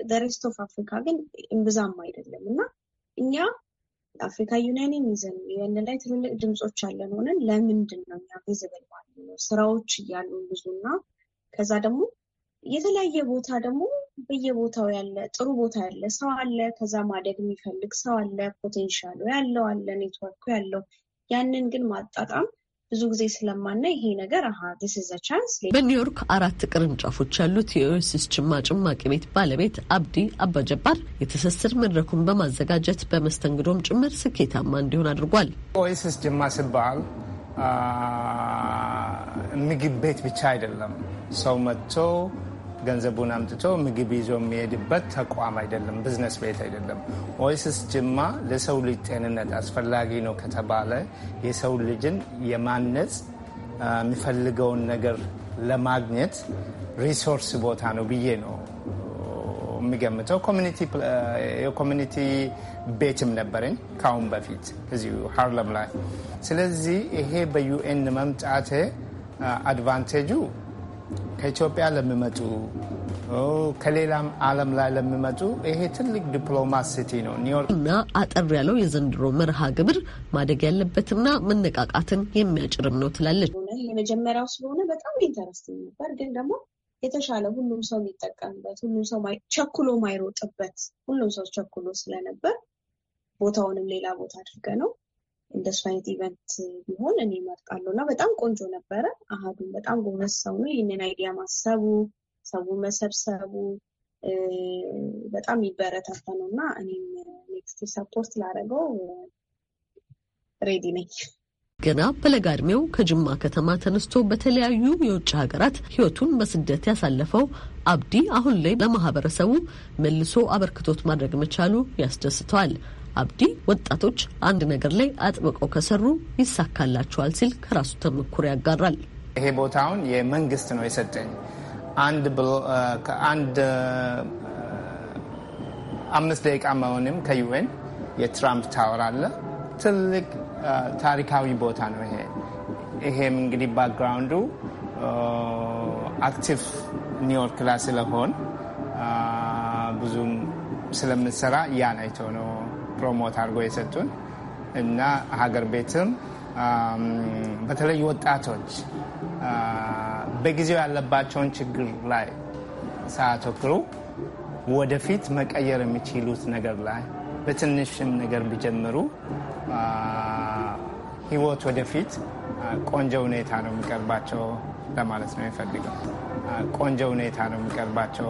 ለሬስት ኦፍ አፍሪካ ግን እምብዛም አይደለም እና እኛ አፍሪካ ዩናይንን ይዘን ዩኤን ላይ ትልልቅ ድምፆች ያለን ሆነን ለምንድን ነው እኛ ቪዝብል ማለት ነው ስራዎች እያሉ ብዙ እና ከዛ ደግሞ የተለያየ ቦታ ደግሞ በየቦታው ያለ ጥሩ ቦታ ያለ ሰው አለ። ከዛ ማደግ የሚፈልግ ሰው አለ። ፖቴንሻሉ ያለው አለ፣ ኔትወርኩ ያለው ያንን ግን ማጣጣም ብዙ ጊዜ ስለማና ይሄ ነገር አሀ ቻንስ። በኒውዮርክ አራት ቅርንጫፎች ያሉት የኦኤሲስ ጭማ ጭማቂ ቤት ባለቤት አብዲ አባጀባር የትስስር መድረኩን በማዘጋጀት በመስተንግዶም ጭምር ስኬታማ እንዲሆን አድርጓል። ኦኤሲስ ጅማ ሲባል ምግብ ቤት ብቻ አይደለም ሰው መጥቶ ገንዘቡን አምጥቶ ምግብ ይዞ የሚሄድበት ተቋም አይደለም፣ ብዝነስ ቤት አይደለም። ኦይስስ ጅማ ለሰው ልጅ ጤንነት አስፈላጊ ነው ከተባለ የሰው ልጅን የማነጽ የሚፈልገውን ነገር ለማግኘት ሪሶርስ ቦታ ነው ብዬ ነው የሚገምተው። የኮሚኒቲ ቤትም ነበረኝ ከአሁን በፊት እዚሁ ሀርለም ላይ። ስለዚህ ይሄ በዩኤን መምጣቴ አድቫንቴጁ ከኢትዮጵያ ለሚመጡ ከሌላም ዓለም ላይ ለሚመጡ ይሄ ትልቅ ዲፕሎማት ሲቲ ነው ኒውዮርክ። እና አጠር ያለው የዘንድሮ መርሃ ግብር ማደግ ያለበትና መነቃቃትን የሚያጭርም ነው ትላለች። የመጀመሪያው ስለሆነ በጣም ኢንተረስቲንግ ነበር፣ ግን ደግሞ የተሻለ ሁሉም ሰው የሚጠቀምበት ሁሉም ሰው ቸኩሎ ማይሮጥበት ሁሉም ሰው ቸኩሎ ስለነበር ቦታውንም ሌላ ቦታ አድርገ ነው እንደሱ አይነት ኢቨንት ቢሆን እኔ እመርጣለሁ እና በጣም ቆንጆ ነበረ። አሀዱም በጣም ጎበዝ ሰው ነው። ይህንን አይዲያ ማሰቡ፣ ሰው መሰብሰቡ በጣም ይበረታታ ነው እና እኔም ኔክስት ሰፖርት ላደረገው ሬዲ ነኝ። ገና በለጋ ከጅማ ከተማ ተነስቶ በተለያዩ የውጭ ሀገራት ህይወቱን በስደት ያሳለፈው አብዲ አሁን ላይ ለማህበረሰቡ መልሶ አበርክቶት ማድረግ መቻሉ ያስደስተዋል። አብዲ ወጣቶች አንድ ነገር ላይ አጥብቀው ከሰሩ ይሳካላቸዋል ሲል ከራሱ ተሞክሮ ያጋራል። ይሄ ቦታውን የመንግስት ነው የሰጠኝ አንድ አምስት ደቂቃ መሆንም ከዩኤን የትራምፕ ታወር አለ። ትልቅ ታሪካዊ ቦታ ነው ይሄ። ይሄም እንግዲህ ባክግራውንዱ አክቲቭ ኒውዮርክ ላይ ስለሆን ብዙም ስለምንሰራ ያን አይቶ ነው ፕሮሞት አድርጎ የሰጡን እና ሀገር ቤትም በተለይ ወጣቶች በጊዜው ያለባቸውን ችግር ላይ ሳያተክሩ ወደፊት መቀየር የሚችሉት ነገር ላይ በትንሽም ነገር ቢጀምሩ ህይወት ወደፊት ቆንጆ ሁኔታ ነው የሚቀርባቸው ለማለት ነው የፈልገው። ቆንጆ ሁኔታ ነው የሚቀርባቸው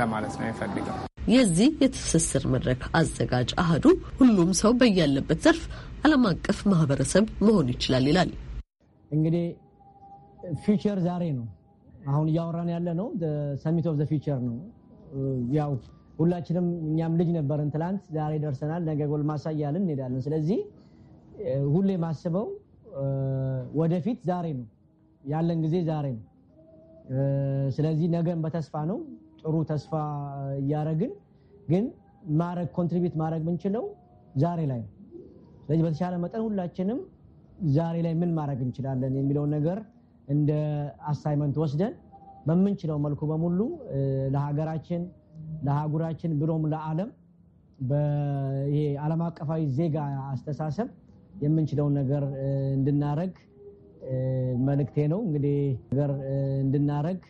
ለማለት ነው የፈልገው። የዚህ የትስስር መድረክ አዘጋጅ አህዱ ሁሉም ሰው በያለበት ዘርፍ ዓለም አቀፍ ማህበረሰብ መሆን ይችላል ይላል። እንግዲህ ፊውቸር ዛሬ ነው። አሁን እያወራን ያለ ነው ሰሚት ኦፍ ዘ ፊውቸር ነው። ያው ሁላችንም እኛም ልጅ ነበርን ትላንት፣ ዛሬ ደርሰናል፣ ነገ ጎልማሳ እያልን እንሄዳለን። ስለዚህ ሁሌ ማስበው ወደፊት ዛሬ ነው ያለን ጊዜ ዛሬ ነው። ስለዚህ ነገን በተስፋ ነው ጥሩ ተስፋ እያደረግን ግን ማድረግ ኮንትሪቢዩት ማድረግ የምንችለው ዛሬ ላይ ነው። ስለዚህ በተሻለ መጠን ሁላችንም ዛሬ ላይ ምን ማድረግ እንችላለን የሚለውን ነገር እንደ አሳይመንት ወስደን በምንችለው መልኩ በሙሉ ለሀገራችን፣ ለአህጉራችን ብሎም ለዓለም ይሄ ዓለም አቀፋዊ ዜጋ አስተሳሰብ የምንችለውን ነገር እንድናረግ መልእክቴ ነው። እንግዲህ ነገር እንድናረግ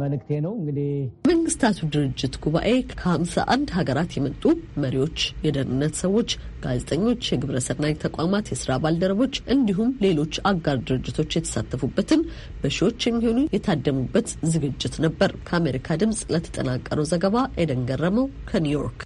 መልእክቴ ነው። እንግዲህ የመንግስታቱ ድርጅት ጉባኤ ከሀምሳ አንድ ሀገራት የመጡ መሪዎች፣ የደህንነት ሰዎች፣ ጋዜጠኞች፣ የግብረሰናይ ተቋማት የስራ ባልደረቦች እንዲሁም ሌሎች አጋር ድርጅቶች የተሳተፉበትን በሺዎች የሚሆኑ የታደሙበት ዝግጅት ነበር። ከአሜሪካ ድምጽ ለተጠናቀረው ዘገባ ኤደን ገረመው ከኒውዮርክ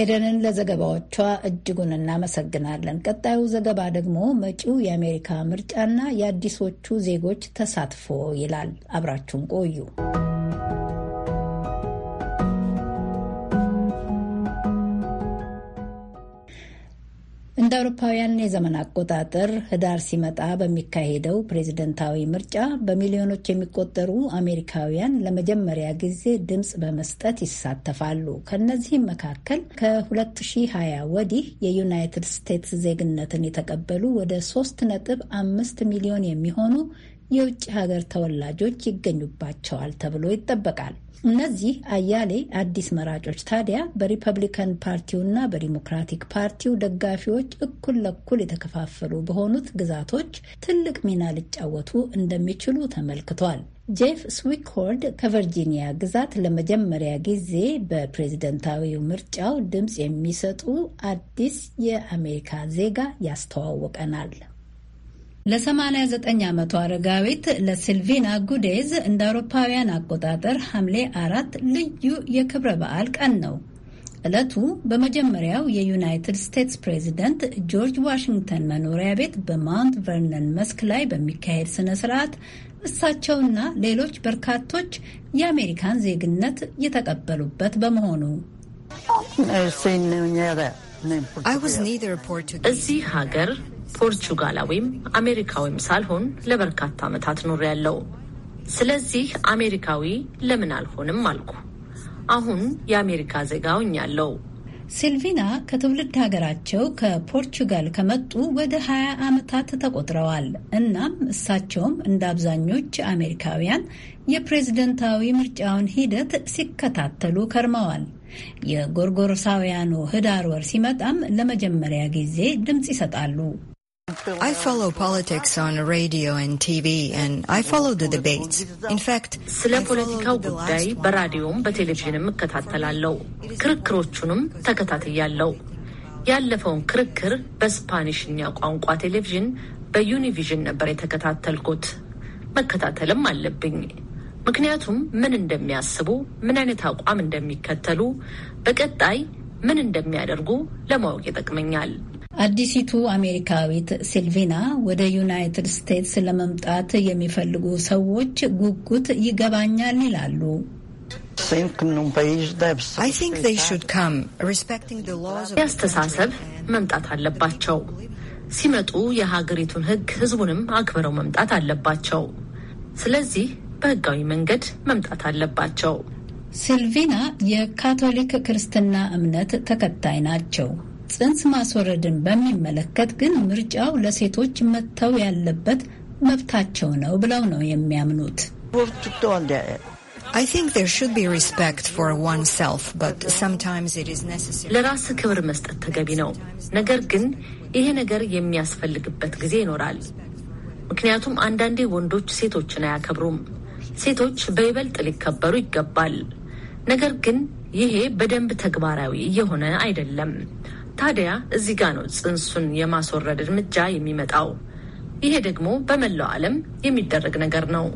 ኤደንን ለዘገባዎቿ እጅጉን እናመሰግናለን። ቀጣዩ ዘገባ ደግሞ መጪው የአሜሪካ ምርጫና የአዲሶቹ ዜጎች ተሳትፎ ይላል። አብራችሁን ቆዩ። እንደ አውሮፓውያን የዘመን አቆጣጠር ህዳር ሲመጣ በሚካሄደው ፕሬዝደንታዊ ምርጫ በሚሊዮኖች የሚቆጠሩ አሜሪካውያን ለመጀመሪያ ጊዜ ድምፅ በመስጠት ይሳተፋሉ። ከእነዚህም መካከል ከ2020 ወዲህ የዩናይትድ ስቴትስ ዜግነትን የተቀበሉ ወደ 3.5 ነጥብ ሚሊዮን የሚሆኑ የውጭ ሀገር ተወላጆች ይገኙባቸዋል ተብሎ ይጠበቃል። እነዚህ አያሌ አዲስ መራጮች ታዲያ በሪፐብሊካን ፓርቲውና በዲሞክራቲክ ፓርቲው ደጋፊዎች እኩል ለኩል የተከፋፈሉ በሆኑት ግዛቶች ትልቅ ሚና ሊጫወቱ እንደሚችሉ ተመልክቷል። ጄፍ ስዊክሆርድ ከቨርጂኒያ ግዛት ለመጀመሪያ ጊዜ በፕሬዝደንታዊው ምርጫው ድምፅ የሚሰጡ አዲስ የአሜሪካ ዜጋ ያስተዋውቀናል። ለ89 ዓመቷ አረጋዊት ለሲልቪና ጉዴዝ እንደ አውሮፓውያን አቆጣጠር ሐምሌ አራት ልዩ የክብረ በዓል ቀን ነው። ዕለቱ በመጀመሪያው የዩናይትድ ስቴትስ ፕሬዚደንት ጆርጅ ዋሽንግተን መኖሪያ ቤት በማውንት ቨርነን መስክ ላይ በሚካሄድ ስነ ስርዓት እሳቸውና ሌሎች በርካቶች የአሜሪካን ዜግነት የተቀበሉበት በመሆኑ እዚህ ሀገር ፖርቹጋላዊም አሜሪካዊም ሳልሆን ለበርካታ ዓመታት ያለው። ስለዚህ አሜሪካዊ ለምን አልሆንም አልኩ። አሁን የአሜሪካ ዜጋ ሆኛለሁ። ሲልቪና ከትውልድ ሀገራቸው ከፖርቹጋል ከመጡ ወደ 20 ዓመታት ተቆጥረዋል። እናም እሳቸውም እንደ አብዛኞች አሜሪካውያን የፕሬዝደንታዊ ምርጫውን ሂደት ሲከታተሉ ከርመዋል። የጎርጎሮሳውያኑ ህዳር ወር ሲመጣም ለመጀመሪያ ጊዜ ድምፅ ይሰጣሉ። I follow politics on radio and TV and I follow the debates. In fact, ስለ ፖለቲካው ጉዳይ በራዲዮም በቴሌቪዥንም እከታተላለሁ። ክርክሮቹንም ተከታትያለሁ። ያለፈውን ክርክር በስፓኒሽኛ ቋንቋ ቴሌቪዥን በዩኒቪዥን ነበር የተከታተልኩት። መከታተልም አለብኝ። ምክንያቱም ምን እንደሚያስቡ፣ ምን አይነት አቋም እንደሚከተሉ፣ በቀጣይ ምን እንደሚያደርጉ ለማወቅ ይጠቅመኛል። አዲሲቱ አሜሪካዊት ሲልቪና ወደ ዩናይትድ ስቴትስ ለመምጣት የሚፈልጉ ሰዎች ጉጉት ይገባኛል ይላሉ። የአስተሳሰብ መምጣት አለባቸው። ሲመጡ የሀገሪቱን ሕግ ሕዝቡንም አክብረው መምጣት አለባቸው። ስለዚህ በህጋዊ መንገድ መምጣት አለባቸው። ሲልቪና የካቶሊክ ክርስትና እምነት ተከታይ ናቸው። ጽንስ ማስወረድን በሚመለከት ግን ምርጫው ለሴቶች መተው ያለበት መብታቸው ነው ብለው ነው የሚያምኑት። ለራስ ክብር መስጠት ተገቢ ነው። ነገር ግን ይሄ ነገር የሚያስፈልግበት ጊዜ ይኖራል። ምክንያቱም አንዳንዴ ወንዶች ሴቶችን አያከብሩም። ሴቶች በይበልጥ ሊከበሩ ይገባል። ነገር ግን ይሄ በደንብ ተግባራዊ እየሆነ አይደለም። ታዲያ እዚህ ጋ ነው ጽንሱን የማስወረድ እርምጃ የሚመጣው። ይሄ ደግሞ በመላው ዓለም የሚደረግ ነገር ነው።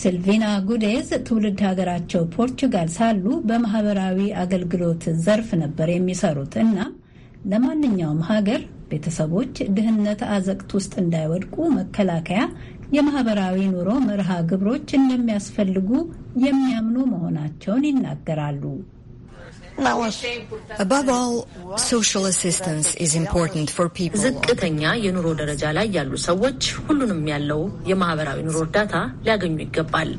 ሲልቪና ጉዴዝ ትውልድ ሀገራቸው ፖርቹጋል ሳሉ በማህበራዊ አገልግሎት ዘርፍ ነበር የሚሰሩት። እናም ለማንኛውም ሀገር ቤተሰቦች ድህነት አዘቅት ውስጥ እንዳይወድቁ መከላከያ የማህበራዊ ኑሮ መርሃ ግብሮች እንደሚያስፈልጉ የሚያምኑ መሆናቸውን ይናገራሉ። ዝቅተኛ የኑሮ ደረጃ ላይ ያሉ ሰዎች ሁሉንም ያለው የማህበራዊ ኑሮ እርዳታ ሊያገኙ ይገባል።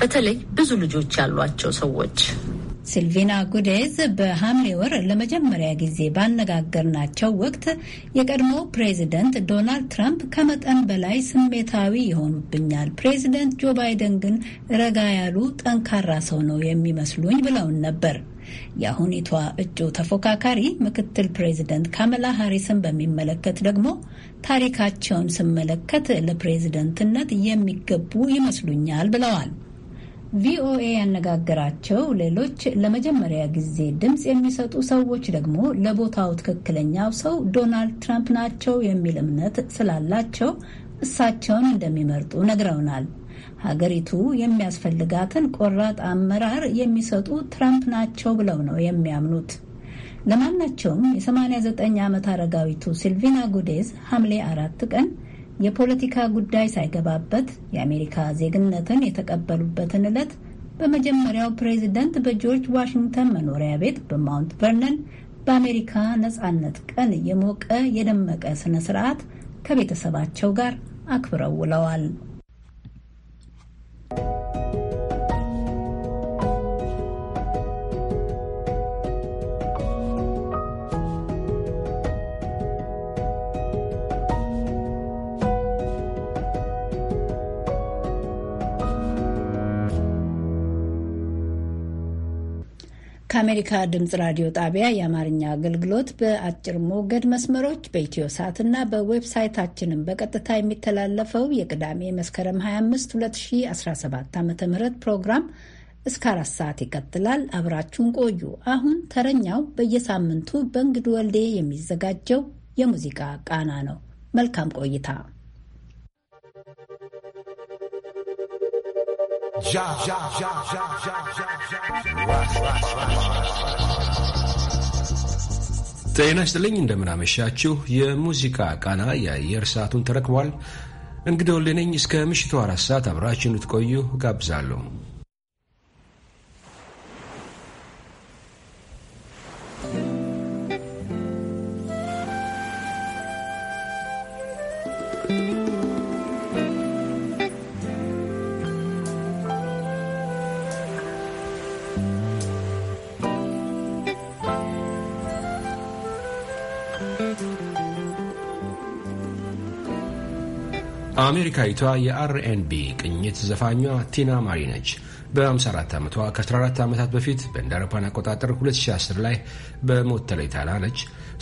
በተለይ ብዙ ልጆች ያሏቸው ሰዎች። ሲልቪና ጉዴዝ በሐምሌ ወር ለመጀመሪያ ጊዜ ባነጋገርናቸው ወቅት የቀድሞ ፕሬዚደንት ዶናልድ ትራምፕ ከመጠን በላይ ስሜታዊ ይሆኑብኛል፣ ፕሬዚደንት ጆ ባይደን ግን ረጋ ያሉ ጠንካራ ሰው ነው የሚመስሉኝ ብለውን ነበር። የአሁኒቷ እጩ ተፎካካሪ ምክትል ፕሬዚደንት ካመላ ሃሪስን በሚመለከት ደግሞ ታሪካቸውን ስመለከት ለፕሬዝደንትነት የሚገቡ ይመስሉኛል ብለዋል። ቪኦኤ ያነጋገራቸው ሌሎች ለመጀመሪያ ጊዜ ድምፅ የሚሰጡ ሰዎች ደግሞ ለቦታው ትክክለኛው ሰው ዶናልድ ትራምፕ ናቸው የሚል እምነት ስላላቸው እሳቸውን እንደሚመርጡ ነግረውናል። ሀገሪቱ የሚያስፈልጋትን ቆራጥ አመራር የሚሰጡ ትራምፕ ናቸው ብለው ነው የሚያምኑት። ለማናቸውም የ89 ዓመት አረጋዊቱ ሲልቪና ጉዴዝ ሐምሌ አራት ቀን የፖለቲካ ጉዳይ ሳይገባበት የአሜሪካ ዜግነትን የተቀበሉበትን ዕለት በመጀመሪያው ፕሬዚደንት በጆርጅ ዋሽንግተን መኖሪያ ቤት በማውንት ቨርነን በአሜሪካ ነጻነት ቀን የሞቀ የደመቀ ስነ ስርዓት ከቤተሰባቸው ጋር አክብረው ውለዋል። ከአሜሪካ ድምፅ ራዲዮ ጣቢያ የአማርኛ አገልግሎት በአጭር ሞገድ መስመሮች በኢትዮ ሳት እና በዌብሳይታችንም በቀጥታ የሚተላለፈው የቅዳሜ መስከረም 25 2017 ዓ ም ፕሮግራም እስከ አራት ሰዓት ይቀጥላል። አብራችሁን ቆዩ። አሁን ተረኛው በየሳምንቱ በእንግድ ወልዴ የሚዘጋጀው የሙዚቃ ቃና ነው። መልካም ቆይታ። já, já, já, já, já, já. ጤና ይስጥልኝ እንደምናመሻችሁ። የሙዚቃ ቃና የአየር ሰዓቱን ተረክቧል። እንግዲህ ወሌ እስከ ምሽቱ አራት ሰዓት አብራችሁን ትቆዩ ጋብዛለሁ። አሜሪካዊቷ የአርኤንቢ ቅኝት ዘፋኟ ቲና ማሪ ነች። በ54 ዓመቷ ከ14 ዓመታት በፊት በእንደ አውሮፓውያን አቆጣጠር 2010 ላይ በሞት ተለይታ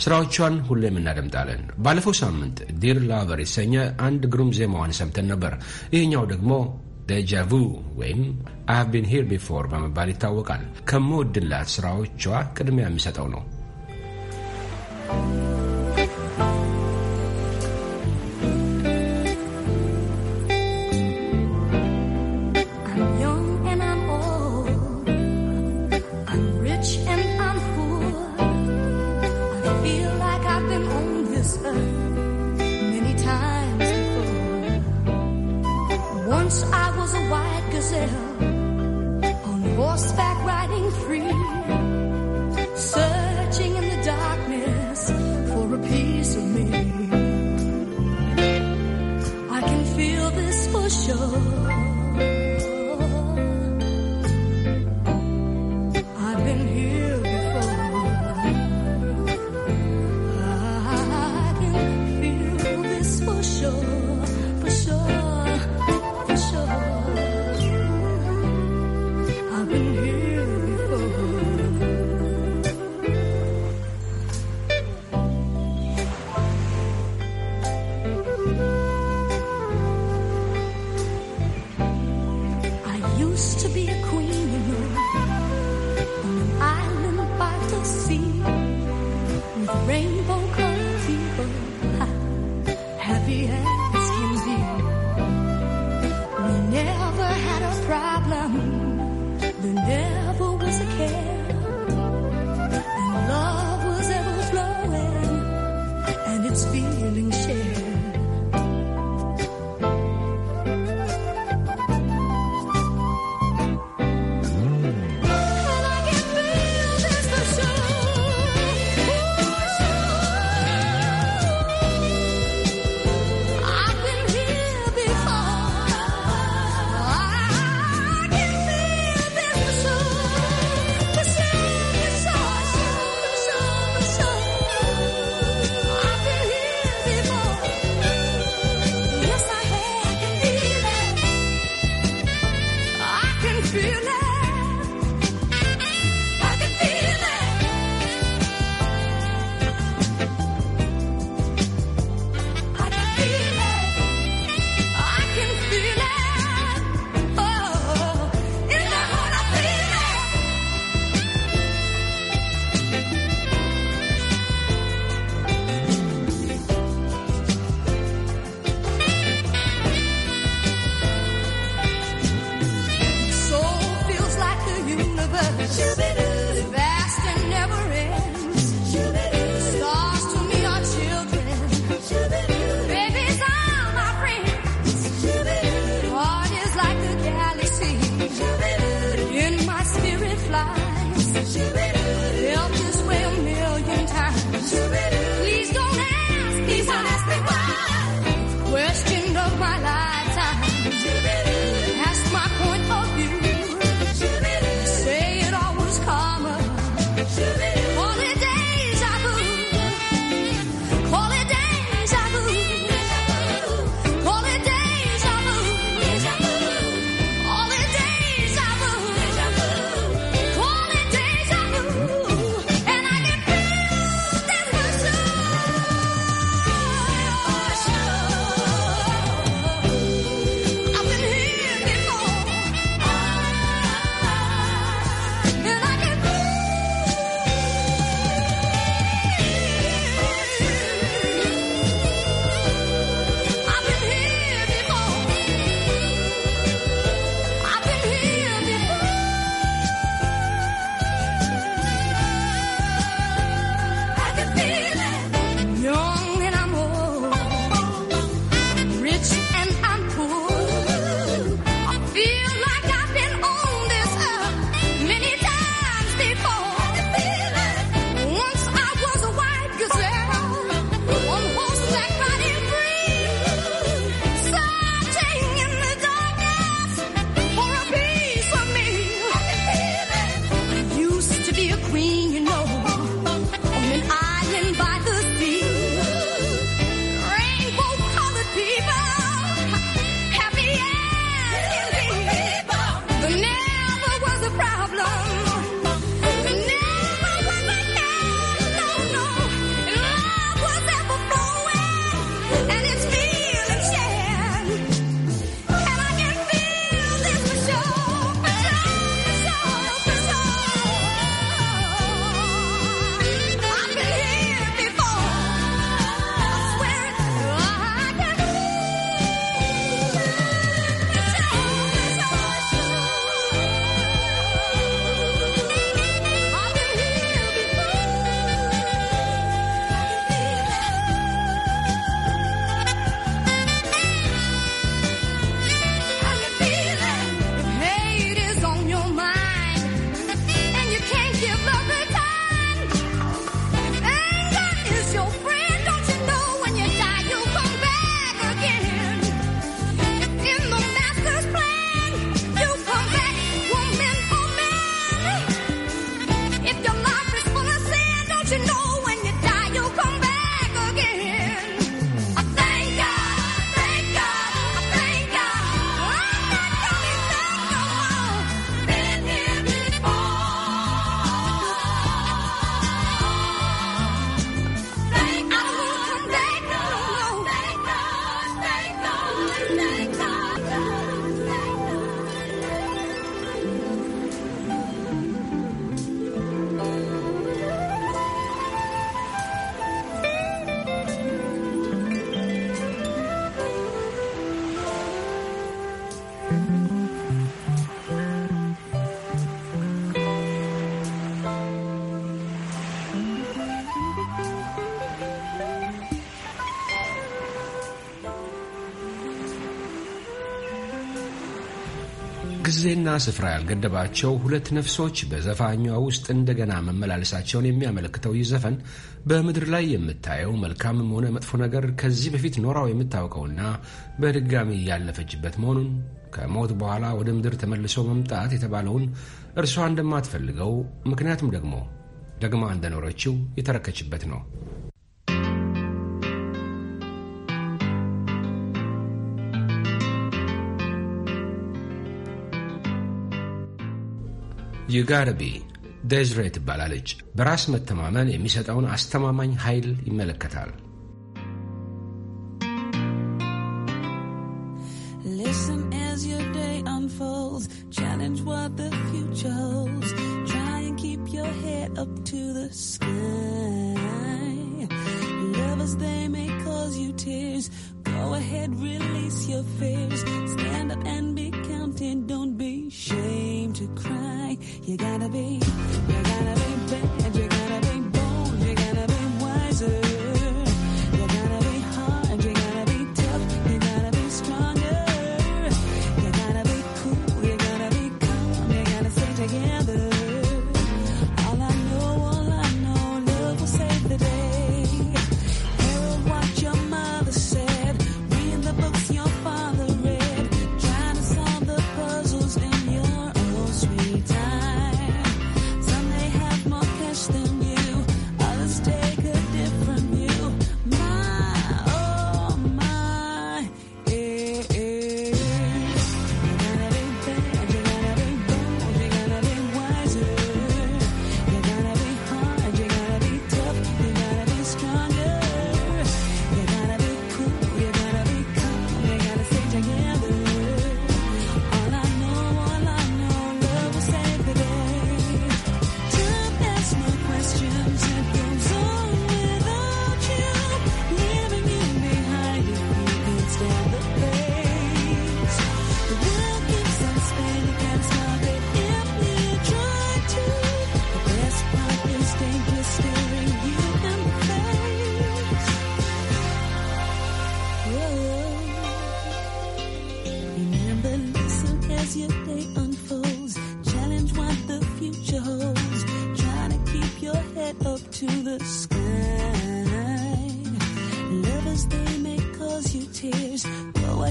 ስራዎቿን ሁሌም እናደምጣለን። ባለፈው ሳምንት ዲር ላቨር የተሰኘ አንድ ግሩም ዜማዋን ሰምተን ነበር። ይህኛው ደግሞ ደጃቭ ወይም አይ ሃቭ ቢን ሂር ቢፎር በመባል ይታወቃል። ከምወድላት ስራዎቿ ቅድሚያ የሚሰጠው ነው። ጊዜና ስፍራ ያልገደባቸው ሁለት ነፍሶች በዘፋኛ ውስጥ እንደገና መመላለሳቸውን የሚያመለክተው ይህ ዘፈን በምድር ላይ የምታየው መልካምም ሆነ መጥፎ ነገር ከዚህ በፊት ኖራው የምታውቀውና በድጋሚ እያለፈችበት መሆኑን ከሞት በኋላ ወደ ምድር ተመልሶ መምጣት የተባለውን እርሷ እንደማትፈልገው ምክንያቱም ደግሞ ደግማ እንደኖረችው የተረከችበት ነው። ዩጋርቢ ደዝሬ ትባላለች። በራስ መተማመን የሚሰጠውን አስተማማኝ ኃይል ይመለከታል። Tears. Go ahead, release your fears. Stand up and be counted. Don't be ashamed to cry. You gotta be, you gotta be better.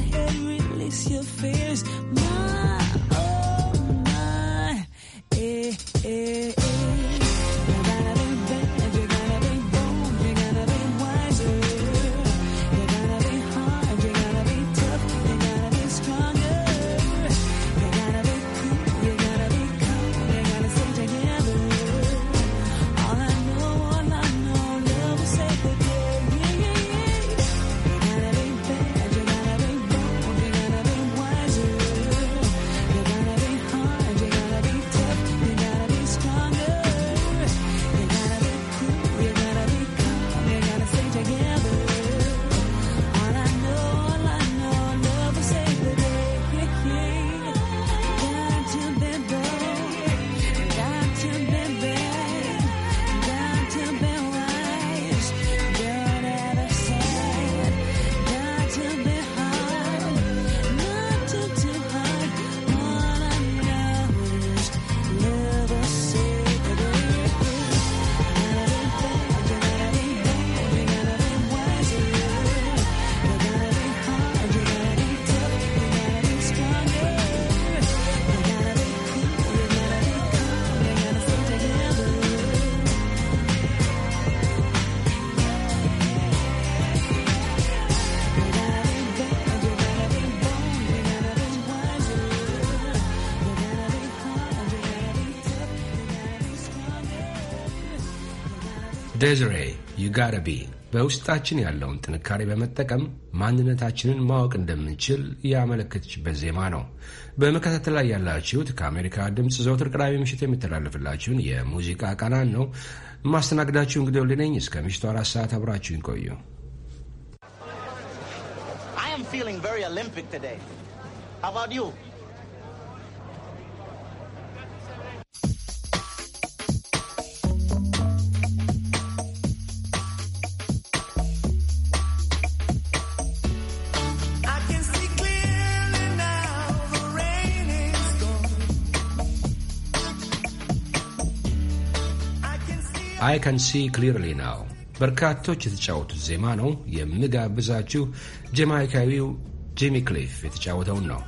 ahead, release your fears. My ዴዝሬ ዩጋረቢ በውስጣችን ያለውን ጥንካሬ በመጠቀም ማንነታችንን ማወቅ እንደምንችል ያመለከተችበት ዜማ ነው። በመከታተል ላይ ያላችሁት ከአሜሪካ ድምፅ ዘውትር ቅዳሜ ምሽት የሚተላለፍላችሁን የሙዚቃ ቃናን ነው። ማስተናግዳችሁ እንግዲህ ልነኝ እስከ ምሽቱ አራት ሰዓት አብራችሁን ቆዩ። I am feeling very Olympic today. How about you? አይ ካን ሲ ክሊርሊ ናው በርካቶች የተጫወቱት ዜማ ነው። የምጋብዛችሁ ጀማይካዊው ጂሚ ክሊፍ የተጫወተውን ነው።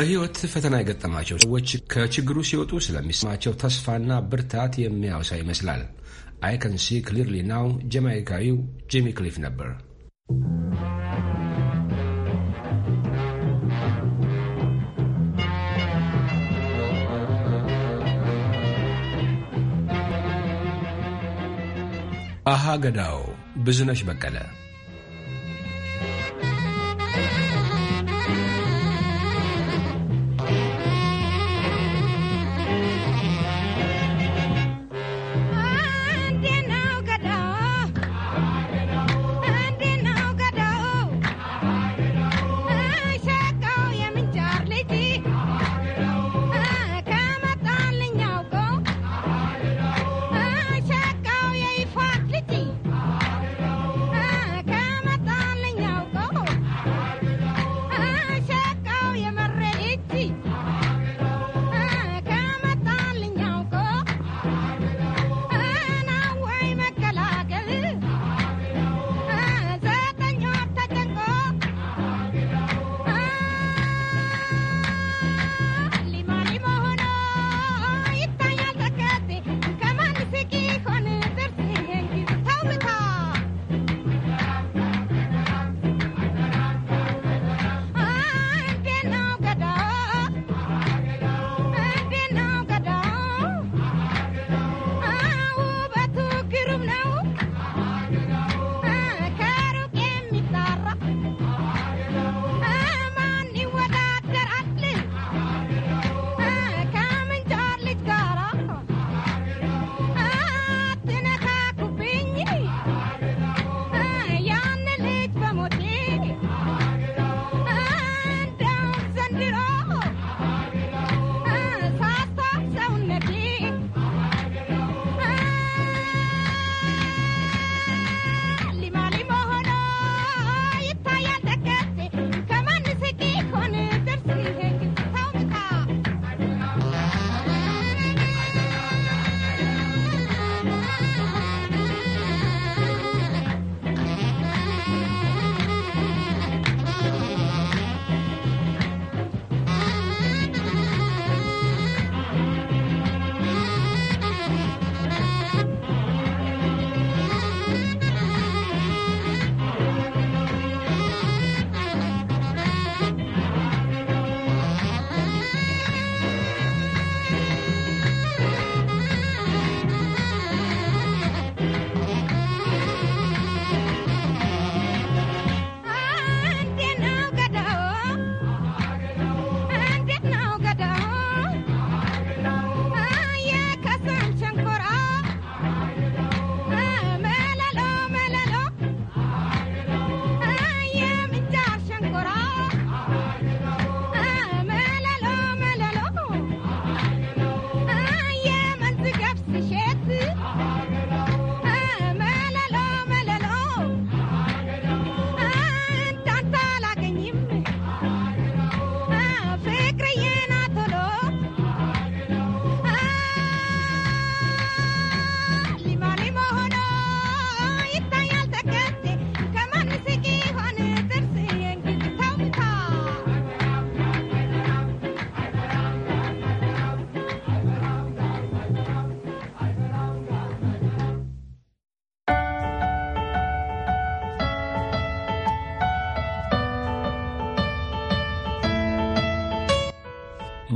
በህይወት ፈተና የገጠማቸው ሰዎች ከችግሩ ሲወጡ ስለሚሰማቸው ተስፋና ብርታት የሚያወሳ ይመስላል። አይ ከን ሲ ክሊርሊ ናው ጀማይካዊው ጂሚ ክሊፍ ነበር። አሃ ገዳው ብዙነሽ በቀለ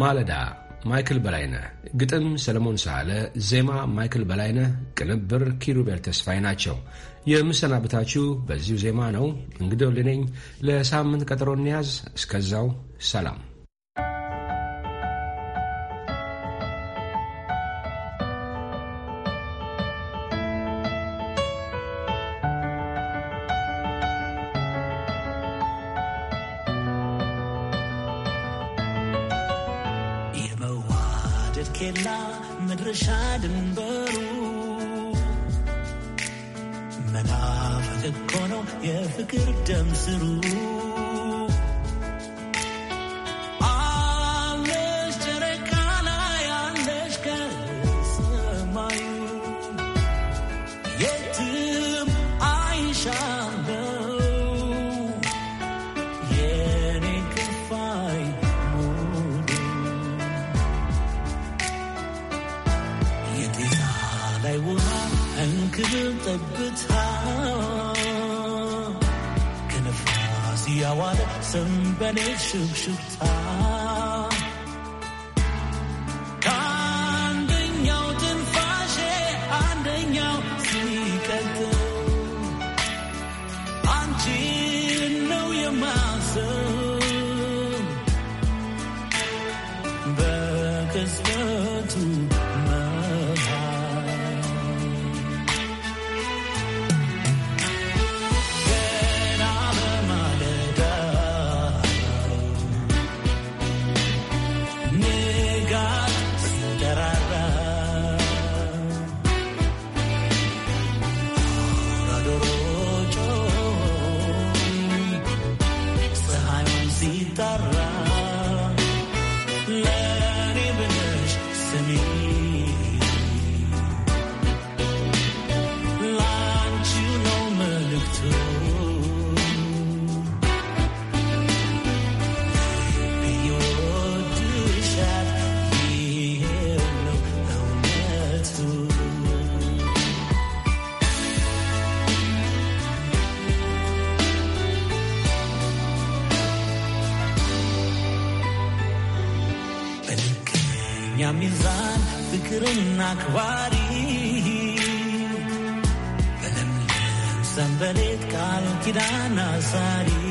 ማለዳ ማይክል በላይነህ፣ ግጥም ሰለሞን ሳለ፣ ዜማ ማይክል በላይነህ፣ ቅንብር ኪሩቤል ተስፋዬ ናቸው። የምሰናበታችሁ በዚሁ ዜማ ነው። እንግዲህ ልነኝ ለሳምንት ቀጠሮ እንያዝ። እስከዛው ሰላም። Sari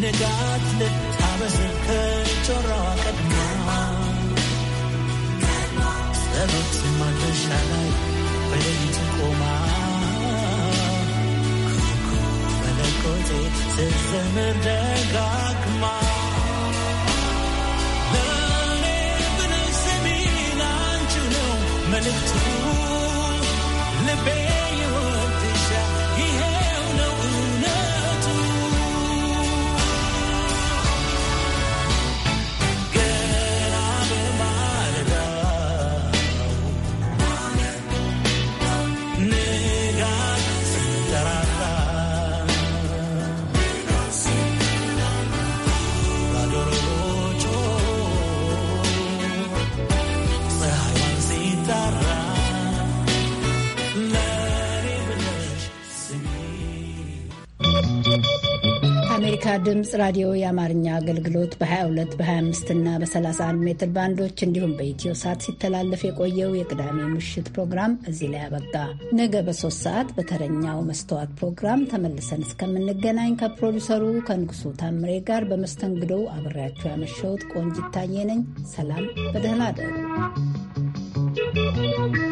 Nigga. ድምፅ ራዲዮ የአማርኛ አገልግሎት በ22 በ25 እና በ31 ሜትር ባንዶች እንዲሁም በኢትዮ ሳት ሲተላለፍ የቆየው የቅዳሜ ምሽት ፕሮግራም እዚህ ላይ አበቃ። ነገ በሶስት ሰዓት በተረኛው መስተዋት ፕሮግራም ተመልሰን እስከምንገናኝ ከፕሮዲሰሩ ከንጉሱ ታምሬ ጋር በመስተንግዶ አብሬያችሁ ያመሸሁት ቆንጅ ይታየ ነኝ። ሰላም፣ በደህና እደሩ።